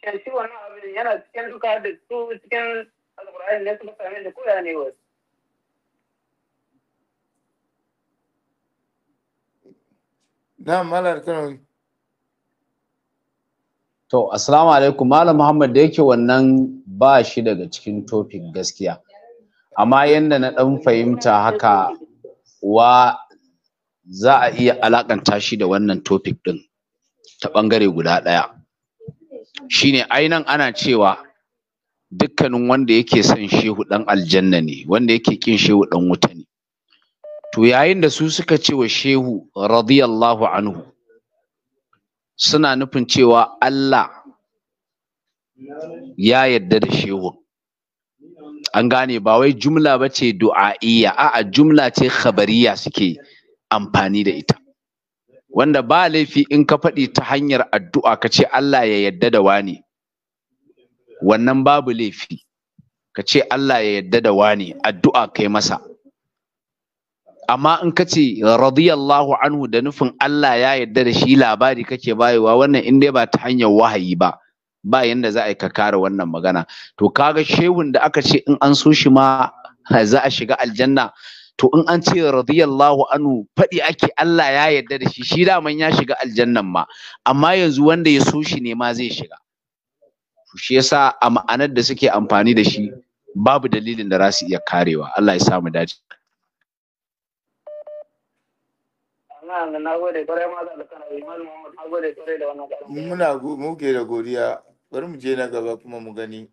shin shi wannan abin yana cikin duka da su cikin alƙur'ani ne suka same da koya ne wasu na malar kanon to assalamu alaikum malam muhammad da yake wannan ba shi daga cikin topic gaskiya amma yadda na ɗan fahimta haka wa za a iya alakanta shi da wannan topic ɗin ta ɓangare guda ɗaya shine ainan ana cewa dukkanin wanda yake son shehu ɗan aljanna ne wanda yake kin shehu ɗan wuta ne to yayin da su suka ce wa shehu radiyallahu anhu suna nufin cewa Allah ya yarda da shehu an gane ba wai jumla ba ce du'a'iyya a'a jumla ce khabariya suke amfani da ita wanda ba laifi in ka faɗi ta hanyar addu'a ka ce Allah ya yadda da wani wannan babu laifi ka ce Allah ya yadda da wani addu'a kai masa amma in ka ce radiyallahu anhu da nufin Allah ya yarda da shi labari kake bayowa wannan in dai ba ta hanyar wahayi ba ba yanda za a yi ka kare wannan magana to kaga shehun da aka ce in an so shi ma za a shiga aljanna to in an ce radiyallahu anhu faɗi ake Allah ya yarda da shi shi daman ya shiga aljannan ma amma yanzu wanda ya so shi ne ma zai shiga shi yasa a ma'anar da suke amfani da shi babu dalilin da za su iya karewa Allah ya samu dace muna muke da godiya bari mu je na gaba kuma mu gani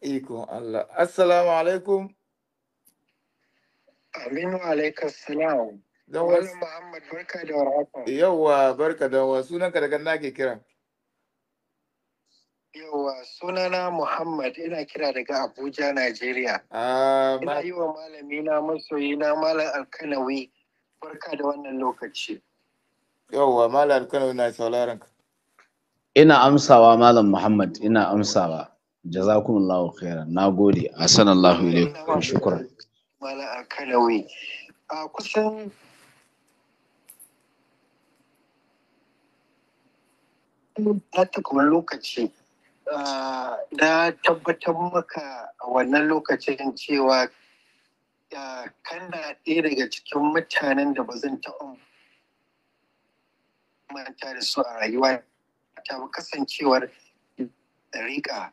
Ikon Allah. Assalamu alaikum. Aminu alaikas salam. Don wasu Muhammad barka da warhaka. Yawwa barka da wa sunanka daga na ke kira. Yawwa sunana Muhammad ina kira daga Abuja, Najeriya. Ah, ina yi wa malami na masoyi na malam Alkanawi barka da wannan lokaci. Yawwa malam Alkanawi na sauraron ka. Ina amsawa malam Muhammad ina amsawa. jazakumullahu khairan nagode asanallahu ilaikum shukran mala akalawi a kusan ta kuma lokaci na tabbatar maka a wannan lokacin cewa kana ɗaya daga cikin mutanen da ba zan taɓa manta da su a rayuwa ta kasancewar riƙa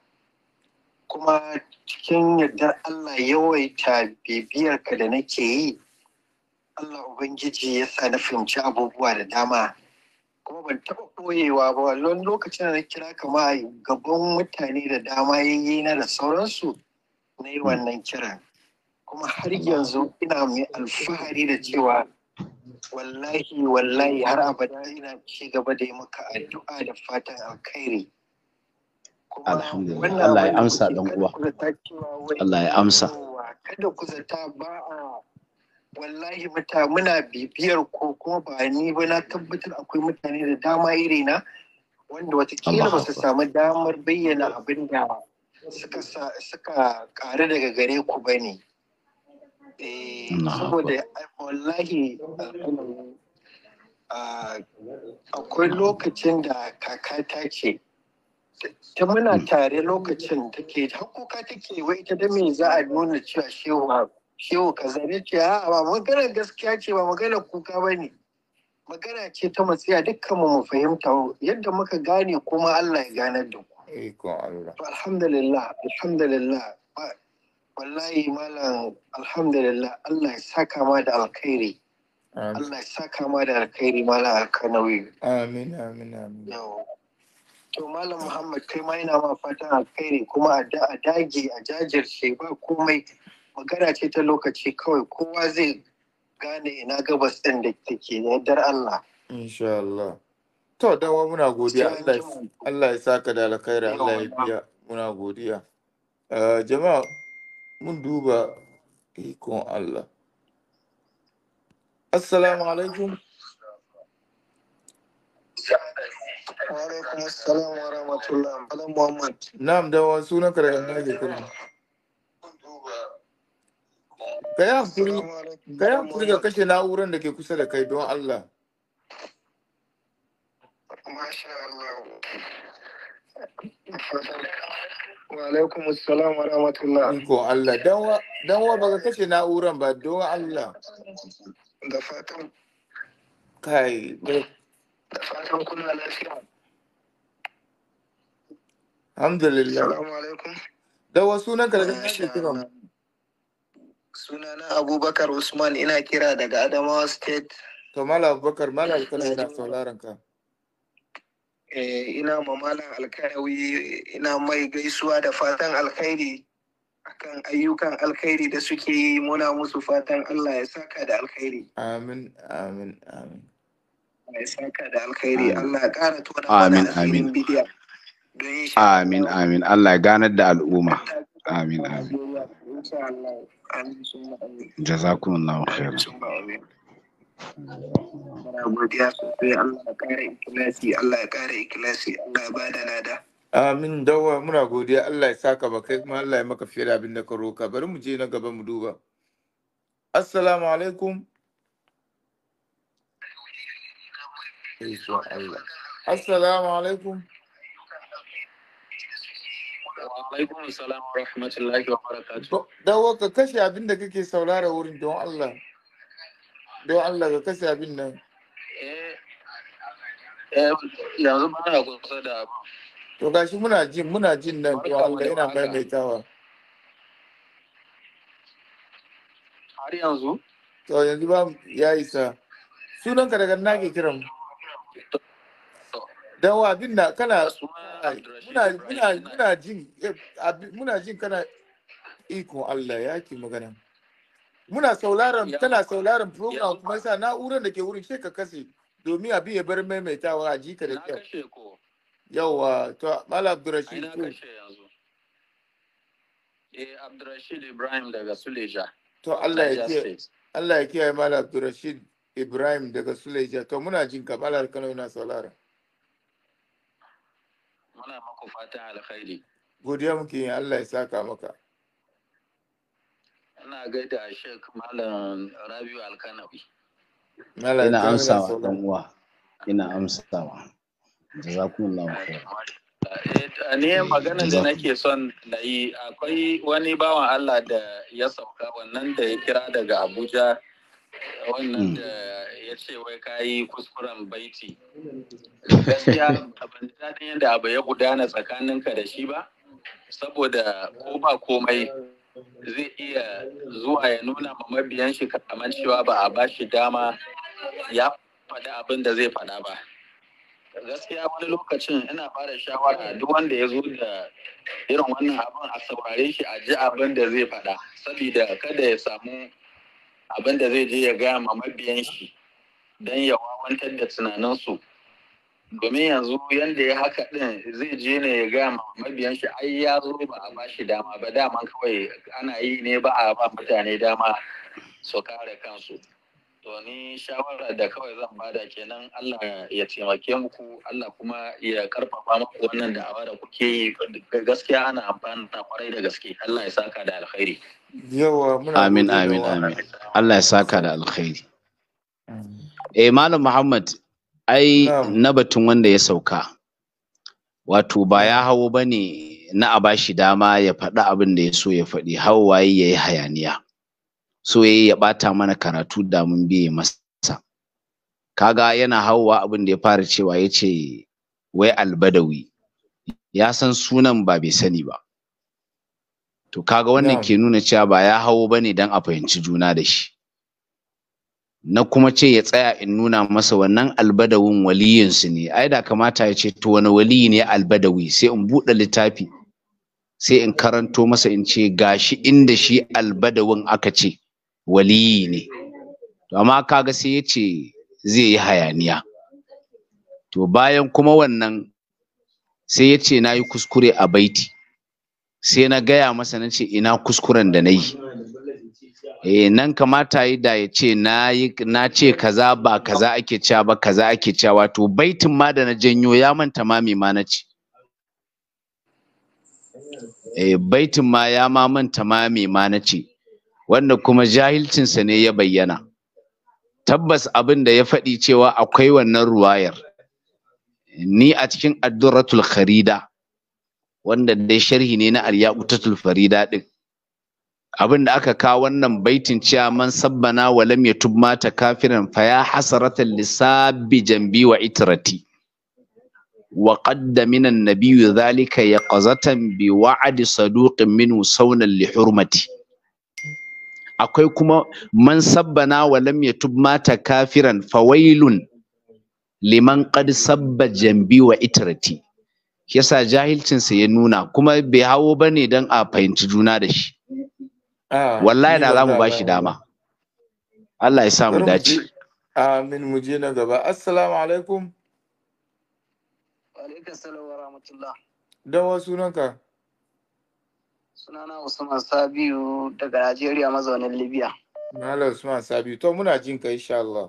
kuma cikin yardar Allah yawaita bibiyar ka da nake yi Allah Ubangiji ya sa na fahimci abubuwa da dama kuma ban taɓa ɓoyewa ba wannan lokacin da na kira ka ma gaban mutane da dama yayi na da sauransu na yi wannan kiran kuma har yanzu ina mai alfahari da cewa wallahi wallahi har abada ina ci gaba da yi maka addu'a da fatan alkhairi alhamdulillah Allah ya amsa dan uwa Allah ya amsa kada ku zata ba a wallahi mata muna bibiyar ko kuma ba ni ba na tabbatar akwai mutane da dama na. wanda watakila ba su samu damar bayyana abin da suka karu daga gare ku ba ne eh, saboda wallahi ah, akwai lokacin da kaka ta ce ta muna hmm. tare lokacin take har kuka take wai ita da me za a nuna cewa shehu shewa ka zane ce a ba magana gaskiya ce ba magana kuka ba ne magana ce ta matsiya dukkan mu fahimta yadda muka gane kuma Allah ya gane da ku alhamdulillah alhamdulillah wallahi malam alhamdulillah Allah ya saka ma da alkhairi Allah ya saka ma da alkhairi malam alkanawi amin amin amin To Malam Muhammad kai ma yana ma fatan alkhairi kuma a dage a jajirce ba komai magana ce ta lokaci kawai kowa zai gane ina gabas ɗin da take da yardar Allah. Insha Allah. To dawa muna godiya Allah ya saka da alkhairi Allah ya biya muna godiya. Eh, jama'a mun duba ikon Allah. Assalamu alaikum. Wa alaikum assalam wa rahmatullah. Malam Muhammad. Na'am da wa sunan ka da daga nake kuma. Ka yi hankuri, ka yi hankuri ka kashe na'urar da ke kusa da kai don Allah. Masha Allah. Wa alaikum assalam wa rahmatullah. Iko Allah, dan wa baka kashe na'uran ba don Allah. Da fatan. Kai, da fatan kuna lafiya. Alhamdulillah. Assalamu alaikum. Da wasu nan ka daga kake kira mu. Abubakar Usman ina kira daga Adamawa State. To Malam Abubakar Malam Alkalawi na sauraron ka. Eh ina ma Malam Alkalawi ina mai gaisuwa da fatan alkhairi akan ayyukan alkhairi da suke yi muna musu fatan Allah ya saka da alkhairi. Amin amin amin. Allah ya saka da alkhairi Allah ya ƙara tona mana asirin bidiya. Amin, amin. Allah ganar da al'umma. Amin, amin. Jazakumullahu khair. godiya sosai Allah ya kare ikilasi, Allah ya kare ikilasi, Allah ya bada lada. Amin dawa muna godiya Allah ya saka maka kuma Allah ya maka fiye da abin da ka roka. Bari mu je na gaba mu duba. Assalamu alaikum. Assalamu alaikum. Alaikum salam wa rahmatullahi wa barakatuh. Dawo ka kashe abin da kake saurara wurin don Allah. Don Allah ka kashe abin nan. Eh, eh, yanzu muna kusa da To gashi muna jin muna jin nan to Allah yana maimaitawa. Har yanzu? To yanzu ba ya isa. Sunanka daga nake kiran to dan wa abin na kana muna muna muna jin eh, muna jin kana iko Allah ya ki magana muna sauraron tana sauraron program kuma sa na'urar da ke wurin sai ka kase domin abin ya bar maimaitawa a jika da kyau yawa to mala abdurrashid ko eh abdurrashid ibrahim daga suleja to Allah ya kiyaye Allah ya kiyaye mala abdurrashid ibrahim daga suleja to muna jin ka mala kana yana sauraron muna maku fatan alkhairi godiya muke yin Allah ya saka maka ina gaida a shek malam rabiu alkanawi ina amsawa dan uwa ina amsawa jazakumullahu khair eh, ne magana da nake son na yi akwai wani bawan Allah da ya sauka wannan da ya kira daga Abuja wannan hmm. da ya ce wai ka yi kuskuren baiti gaskiya abin daɗin yadda abu ya gudana ka da shi ba saboda ko ba komai zai iya zuwa ya nuna ma mabiyan shi kamar cewa ba a ba shi dama ya faɗi abin da zai faɗa ba gaskiya wani lokacin ina fara shawara duk wanda ya zo da irin wannan abin a saurare shi a ji abin da zai faɗa saboda kada ya samu abin da zai je ya gaya ma mabiyan shi don ya wawantar da tunaninsu domin yanzu yadda ya haka ɗin zai je ne ya gama mabiyan shi ai ya zo ba a bashi dama ba dama kawai ana yi ne ba a ba mutane dama su kare kansu to ni shawara da kawai zan bada kenan Allah ya taimake muku Allah kuma ya karfafa muku wannan da'awa da kuke yi gaskiya ana amfani da kwarai da gaske Allah ya saka da alkhairi amin amin amin Allah ya saka da alkhairi eh malam muhammad ai na batun wanda ya sauka wato ba ya hawo ba ne na a bashi dama ya faɗi abin da ya so ya faɗi hau waye ya yi hayaniya so ya ya ɓata mana karatu da mun biye masa kaga yana hawa abin da ya fara cewa yace, wai albadawi ya san sunan ba bai sani ba to kaga wannan ke nuna cewa ba ya hawo ba ne don a fahimci juna da shi na kuma ce ya tsaya in nuna masa wannan albadawin waliyinsu ne ai da kamata ya ce to wani waliyi ne albadawi sai in buɗe littafi sai in karanto masa in ce gashi inda shi albadawin aka ce waliyi ne to amma kaga sai ya ce zai yi hayaniya to bayan kuma wannan sai ya ce na kuskure a baiti sai na gaya masa na ce ina kuskuren da na yi eh nan kamata yi da ya ce na yi na ce kaza ba kaza ake cewa ba kaza ake cewa wato baitin ma da na janyo ya manta ma mai ma na ce eh baitin ma ya ma manta ma mai ma na ce wanda kuma jahilcinsa ne ya bayyana tabbas abin da ya faɗi cewa akwai wannan ruwayar ni a cikin adduratul kharida wanda dai sharhi ne na al-yaqutatul farida din abin da aka kawo wannan baitin cewa man sabbana wa lam yatub mata kafiran fa ya hasarata lisabi jambi wa itrati wa qadda min annabi dhalika yaqzatan bi wa'di saduqin minhu sawnan li hurmati akwai kuma man sabbana wa lam yatub mata kafiran fawailun liman qad sabba jambi wa itrati yasa jahilcinsa ya nuna kuma bai hawo bane dan a fahimci juna da shi Ah, wallahi da za mu shi dama Allah ya sa mu dace amin mu je na gaba assalamu alaikum alaikum salam wa rahmatullah da wa sunanka sunana Usman Sabiu daga Najeriya mazaunin Libya Malam Usman Sabiu to muna jin ka insha Allah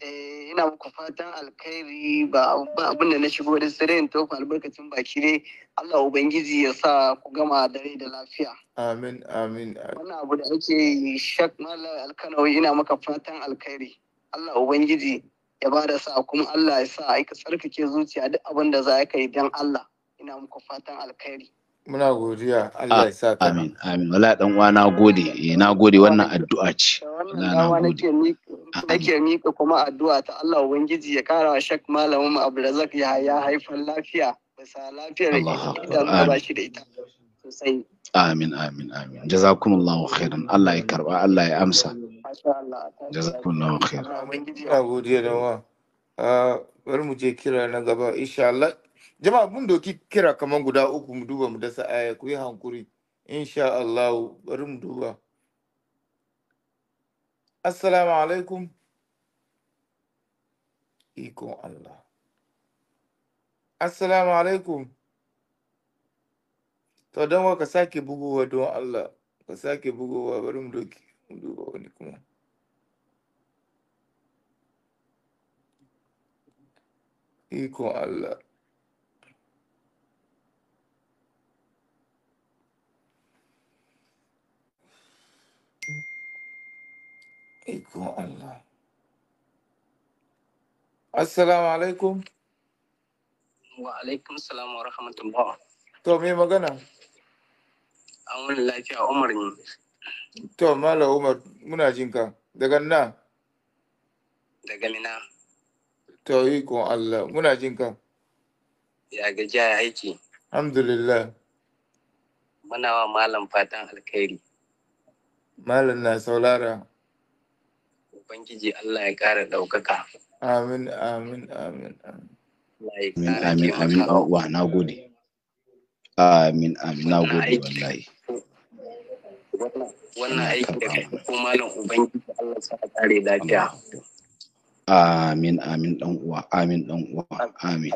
eh ina muku fatan alkhairi ba abin da na shigo da sirrin in tofa albarkacin baki ne Allah ubangiji ya sa ku gama dare da lafiya amin amin wannan abu da ake shak mallam alkano ina maka fatan alkhairi Allah ubangiji ya ba da sa kuma Allah ya sa aika tsarkake zuciya duk abin da za ka yi dan Allah ina muku fatan alkhairi muna godiya Allah ah, ya sa ta amin amin wala dan uwa na gode eh na gode wannan addu'a ce wannan na gode nake mika ah, kuma addu'a ta Allah ubangiji ya kara wa shak malamin Abdulrazak ya ya haifan lafiya bisa lafiyar idan ba shi da ita sosai amin amin amin jazakumullahu khairan Allah ya karba Allah ya amsa jazakumullahu khairan ubangiji na godiya da wa ah, bari mu je kira na gaba insha Allah jama'a mun doki kira kamar guda uku mu duba mu dasa aya ku yi hankuri insha Allah bari mu duba assalamu alaikum ikon Allah assalamu alaikum to don wa ka sake bugowa don Allah ka sake bugowa bari mu doki mu duba wani kuma ikon Allah Ikon Allah. Assalamu alaikum. Wa alaikum salam wa rahmatullah. To me magana? An wani lafiya Umar ne. To Mala Umar muna jin ka daga na. Daga Mina. To ikon Allah muna jin ka. Ya gajiya ya aiki. Alhamdulillah. Muna wa malam fatan alkhairi. Malam na saurara. ubangiji Allah ya ƙara ɗaukaka amin amin amin amin amin amin wa na gode amin amin na gode wallahi wannan aiki da ko malam ubangiji Allah sa ƙare lafiya amin amin ɗan uwa amin ɗan uwa amin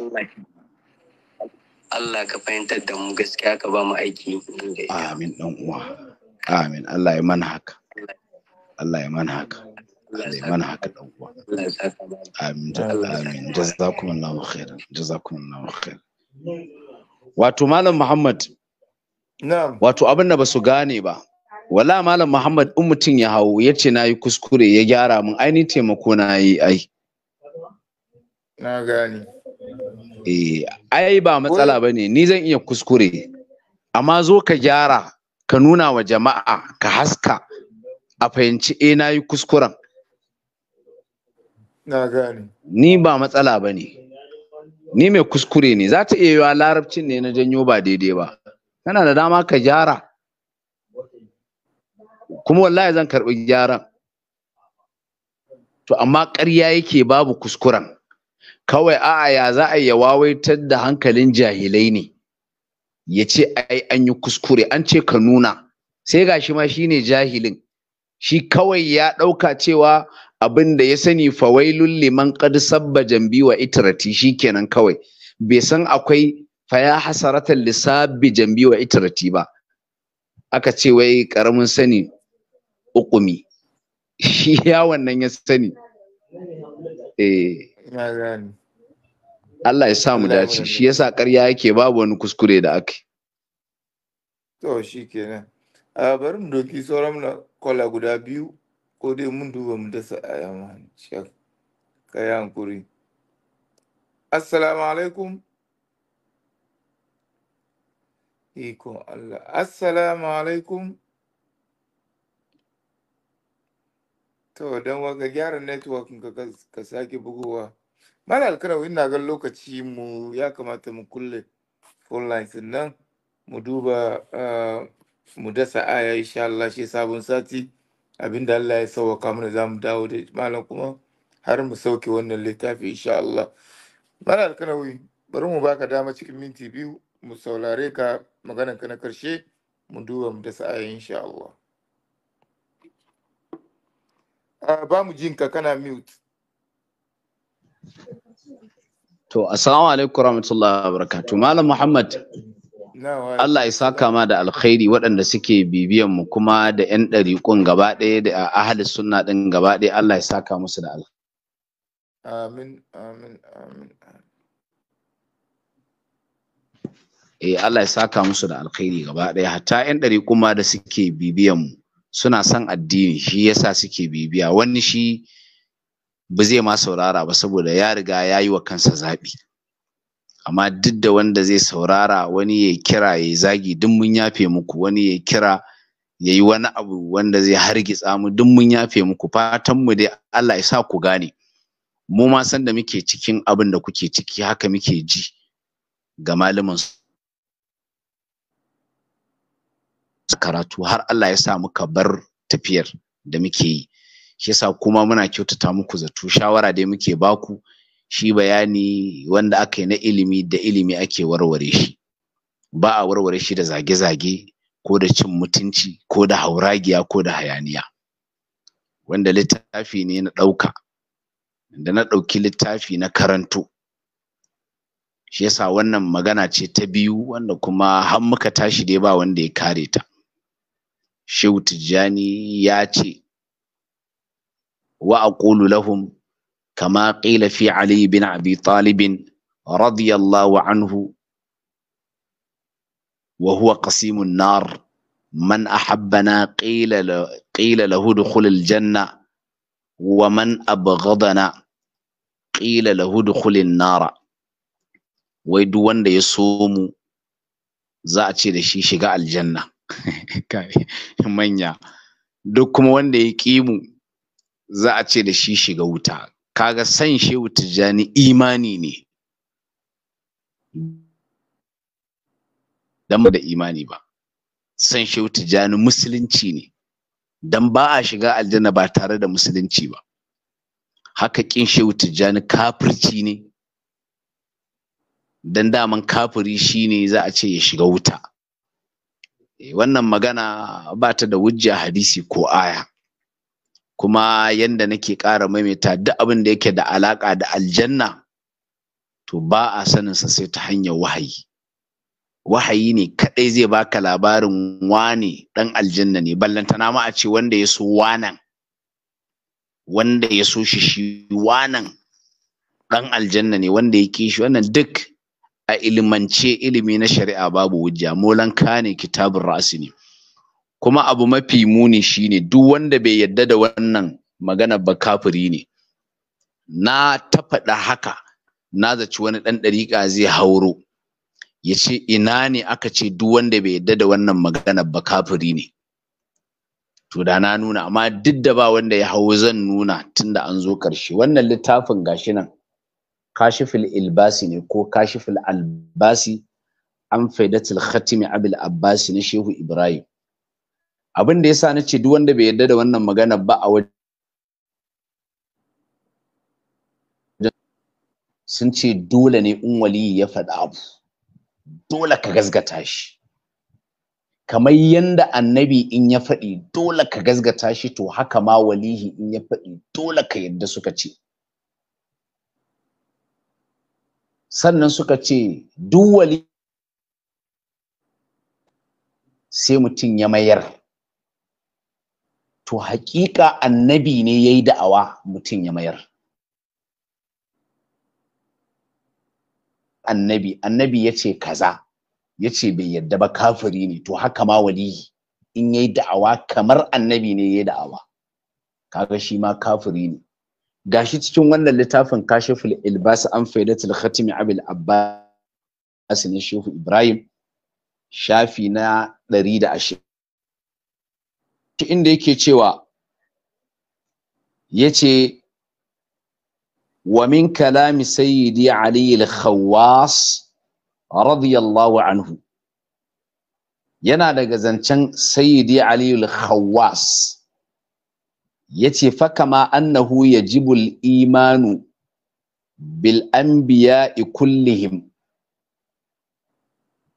Allah ka fahimtar da mu gaskiya ka ba mu aiki amin ɗan uwa amin Allah ya mana haka Allah ya mana haka Allah ya mana haka dan uwa amin amin jazakumullahu khairan jazakumullahu khairan wato malam muhammad na'am wato abin da basu gane ba wala malam muhammad in mutum ya hawo ya ce na yi kuskure ya gyara mun, ai ni taimako na yi ai na gane eh ai ba matsala bane ni zan iya kuskure amma zo ka gyara ka nuna wa jama'a ka haska a fahimci eh na yi kuskuren ni ba matsala ba ne ni mai kuskure ne za ta iya yiwa larabcin ne na janyo ba daidai ba kana da dama ka gyara kuma wallahi zan karɓi gyaran to amma ƙarya yake babu kuskuren kawai a'a ya za a ya wawaitar da hankalin jahilai ne ya ce ai an yi kuskure an ce ka nuna sai ga shi ma shine jahilin shi kawai ya ɗauka cewa abin da ya sani fawailul liman qad sabba jambi wa itrati shikenan kawai bai san akwai faya hasaratan lissabi jambi wa itrati ba aka ce wai karamin sani ukumi shi ya wannan ya sani eh Allah ya samu dace shi yasa ƙarya yake babu wani kuskure da aka to shikenan a bari mu doki sauran kola guda biyu ko dai mun duba mu dasa aya ma ka yi hankuri assalamu alaikum ikon Allah assalamu alaikum to don waka gyara network ka ka sake bugowa mala alkarau ina ga lokaci mu ya kamata mu kulle phone lines nan mu duba ah, mu dasa aya insha Allah shi sabon sati abin da Allah ya sauwaka mana za mu dawo da malam kuma har mu sauke wannan littafi insha Allah malam alkanawi bari mu baka dama cikin minti biyu mu saurare ka maganar ka na karshe mu duba mu da sa'ayi insha Allah ba mu jin ka kana mute to assalamu alaikum warahmatullahi wabarakatuh malam muhammad Allah ya saka ma da alkhairi waɗanda suke bibiyan mu kuma da ƴan ɗariƙun gaba ɗaya da ahalin sunna ɗin gaba ɗaya Allah ya saka musu da alkhairi. Amin, amin, amin. Eh Allah ya saka musu da alkhairi gaba ɗaya hatta ƴan ɗariƙun ma da suke bibiyan mu suna son addini shi yasa suke bibiya wani shi ba zai ma saurara ba saboda ya riga ya yi wa kansa zaɓi. amma duk da wanda zai saurara wani ya kira ya zagi duk mun yafe muku wani ya kira ya yi wani abu wanda zai hargitsa mu duk mun yafe muku fatan mu dai Allah ya sa ku gane mu ma san da muke cikin abin da kuke ciki haka muke ji ga malamin karatu har Allah ya sa muka bar tafiyar da muke yi shi yasa kuma muna kyautata muku zato shawara dai muke baku shi bayani wanda aka yi na ilimi da ilimi ake warware shi ba a warware shi da zage-zage ko da cin mutunci ko da hauragiya ko da hayaniya wanda littafi ne na ɗauka da na ɗauki littafi na karanto shi yasa wannan magana ce ta biyu wanda kuma har muka tashi dai ba wanda ya kare ta shehu tijjani ya ce wa aqulu lahum kama ƙila fi Ali bin Abi Talibin radiyallahu anhu wa huwa qasimun nar man ahabbana qila qila lahu dukhul aljanna wa man abghadana qila lahu dukhul an-nara wai duk wanda ya so mu ce da shi shiga aljanna manya duk kuma wanda ya ƙi mu za ce da shi shiga wuta kaga san shehu tijjani imani ne dan ba da imani ba san shehu tijjani musulunci ne dan ba a shiga aljanna ba tare da musulunci ba haka kin shehu tijjani kafirci ne dan daman kafiri shine za a ce ya shiga wuta eh, wannan magana ba ta da wujja hadisi ko aya kuma yanda nake ƙara maimaita duk abin da yake da alaƙa da aljanna to ba a saninsa sai ta hanyar wahayi wahayi ne kaɗai zai baka labarin wane ɗan aljanna ne ballantana ma a ce wanda ya so wanan wanda ya so shi shi wanan ɗan aljanna ne wanda ya shi wannan duk a ilimance ilimi na shari'a babu wujja molan ne kitabun rasini? Kuma abu mafi muni shine duk wanda bai yarda da wannan magana ba kafiri ne. Na ta faɗa haka, na zaci wani ɗan ɗariƙa zai hauro, ya ce ina ne aka ce duk wanda bai yarda da wannan magana ba kafiri ne. To da na nuna, amma duk da ba wanda ya hau zan nuna tunda an zo ƙarshe. Wannan littafin gashi nan, kashifil ilbasi ne ko kashifil albasi an faidatul khatimi abil abbasi na shehu ibrahim abin da yasa nace duk wanda bai yarda da wannan magana ba a wajen sun ce dole ne in waliyi ya faɗa abu dole ka gazgata shi kamar yanda annabi in ya faɗi dole ka gazgata shi to haka ma walihi in ya faɗi dole ka yarda suka ce sannan suka ce duk wali sai mutum ya mayar to haƙiƙa annabi ne ya yi da'awa mutum ya mayar annabi annabi ya ce kaza ya ce bai yadda ba kafiri ne to haka ma wali in ya yi da'awa kamar annabi ne ya yi da'awa kaga shi ma kafiri ne gashi cikin wannan littafin kashiful ilbas an faidatul khatimi abil abbas ne shehu ibrahim shafi na ɗari da ashirin inda yake cewa yace wa min kalami sayyidi ali al-khawwas radiyallahu anhu yana daga zancen sayyidi ali al-khawwas yace fa kama annahu yajibu al-imanu bil anbiya'i kullihim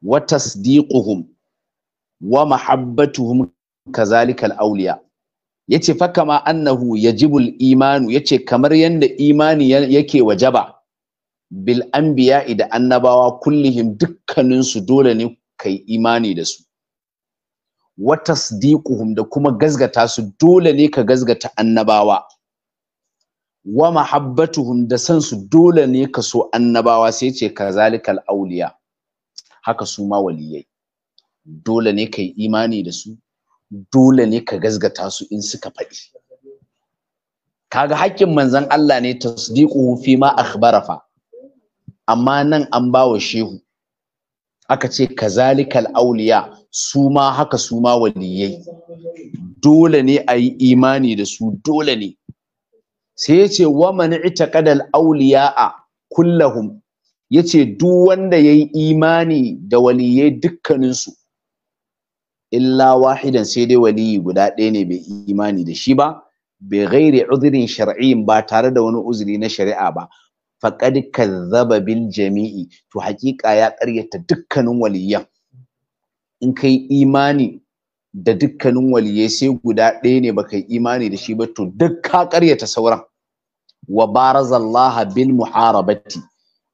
wa tasdiquhum wa mahabbatuhum kazalikal auliya yace fa kama annahu yajibul imanu yace kamar yanda imani yake wajaba bil ambiya da annabawa kullihim dukkanin su dole ne kai imani da su wa tasdiquhum da kuma gazgata su dole ne ka gazgata annabawa wa mahabbatuhum da san su dole ne ka so annabawa sai ce kazalikal auliya haka su ma waliyai dole ne kai imani da su dole ne ka gazgata su in suka faɗi kaga haƙƙin manzon Allah ne tasdiqu fi ma akhbara fa amma nan an bawa shehu aka ce kazalikal auliya su ma haka su ma waliyai dole ne a yi imani da su dole ne sai ya ce wa mani itaƙadal auliya a kullahum yace duk wanda yayi imani da waliyai dukkaninsu illa wahidan sai dai waliyi guda ɗaya ne bai imani da shi ba bai ghairi uzurin shar'in ba tare da wani uzuri na shari'a ba faqad kazzaba bil jami'i to haƙiƙa ya ƙaryata dukkanin waliyan in kai imani da dukkanin waliyai sai guda ɗaya ne baka imani da shi ba to duk ka ƙaryata sauran wa barazallaha bil muharabati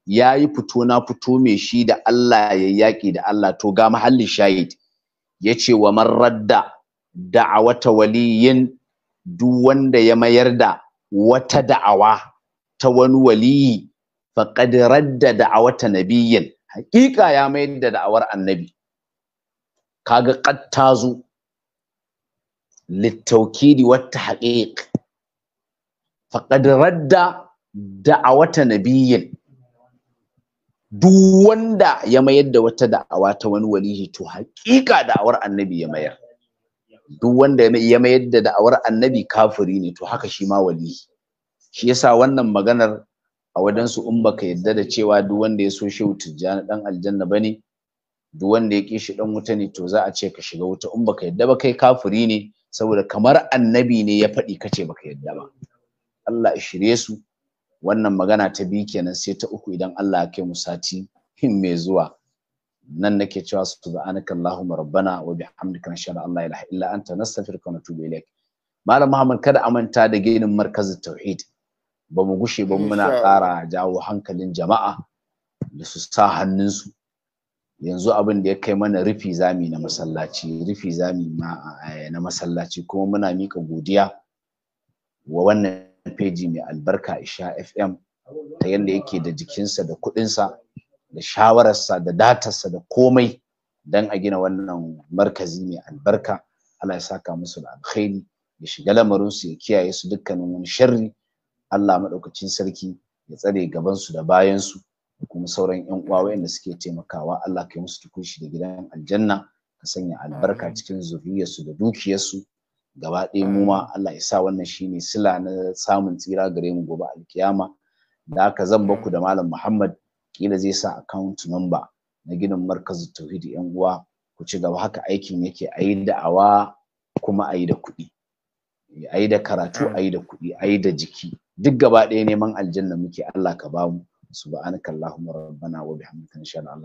ya yi fito na fito mai shi da Allah ya yaƙi da Allah to ga mahallin shahid yace wa man radda da'awata waliyin duk wanda ya mayar da wata da'awa ta wani waliyi faqad radda da'awata nabiyyin haƙiƙa ya mayar da da'awar annabi kaga qad tazu للتوكيد والتحقيق فقد رد دعوة nabiyyin duk wanda ya mayar da wata da'awa ta wani walihi to hakika da'awar annabi ya mayar duk wanda ya mayar da da'awar annabi kafiri ne to haka shi ma walihi shi yasa wannan maganar a su in baka yadda da cewa duk wanda ya so shehu tijjani dan aljanna bane duk wanda ya kishi dan wuta ne to za a ce ka shiga wuta in baka yadda ba kai kafiri ne saboda kamar annabi ne ya faɗi kace baka yadda ba Allah ya shirye su wannan magana ta biyu kenan sai ta uku idan Allah ya kai mu sati mai zuwa nan nake cewa subhanaka allahumma rabbana wa bihamdika nashhadu an la ilaha illa anta nastaghfiruka wa natubu ilaik malam muhammad kada a manta da ginin markazin tauhid ba mu gushe ba muna ƙara jawo hankalin jama'a da su sa hannunsu yanzu abin da ya kai mana rufi zami na masallaci rufi zami eh, na masallaci kuma muna mika godiya wa wannan Alfeji mai albarka isha fm ta yadda yake da jikinsa da kudinsa da shawararsa da datarsa da komai don a gina wannan markazi mai albarka Allah ya saka musu da alkhairi ya shiga lamarinsu ya kiyaye su dukkanin wani sharri Allah maɗaukacin sarki ya tsare gabansu da bayansu da kuma sauran ƴan uwa waɗanda suke taimakawa Allah kai musu tukunshi da gidan aljanna ka sanya albarka cikin zuriyarsu da dukiyarsu gaba ɗaya mu ma mm. Allah ya sa wannan shine sila na samun tsira gare mu gobe alkiyama da haka zan baku mm. da malam Muhammad kila zai sa account number na ginin markazu tauhidi yan uwa ku ci gaba haka aikin yake ayi da da'awa kuma ayi da kuɗi ayi da karatu ayi da kuɗi ayi da jiki duk gaba ɗaya neman aljanna muke Allah ka bamu subhanakallahumma rabbana wa bihamdika inshallah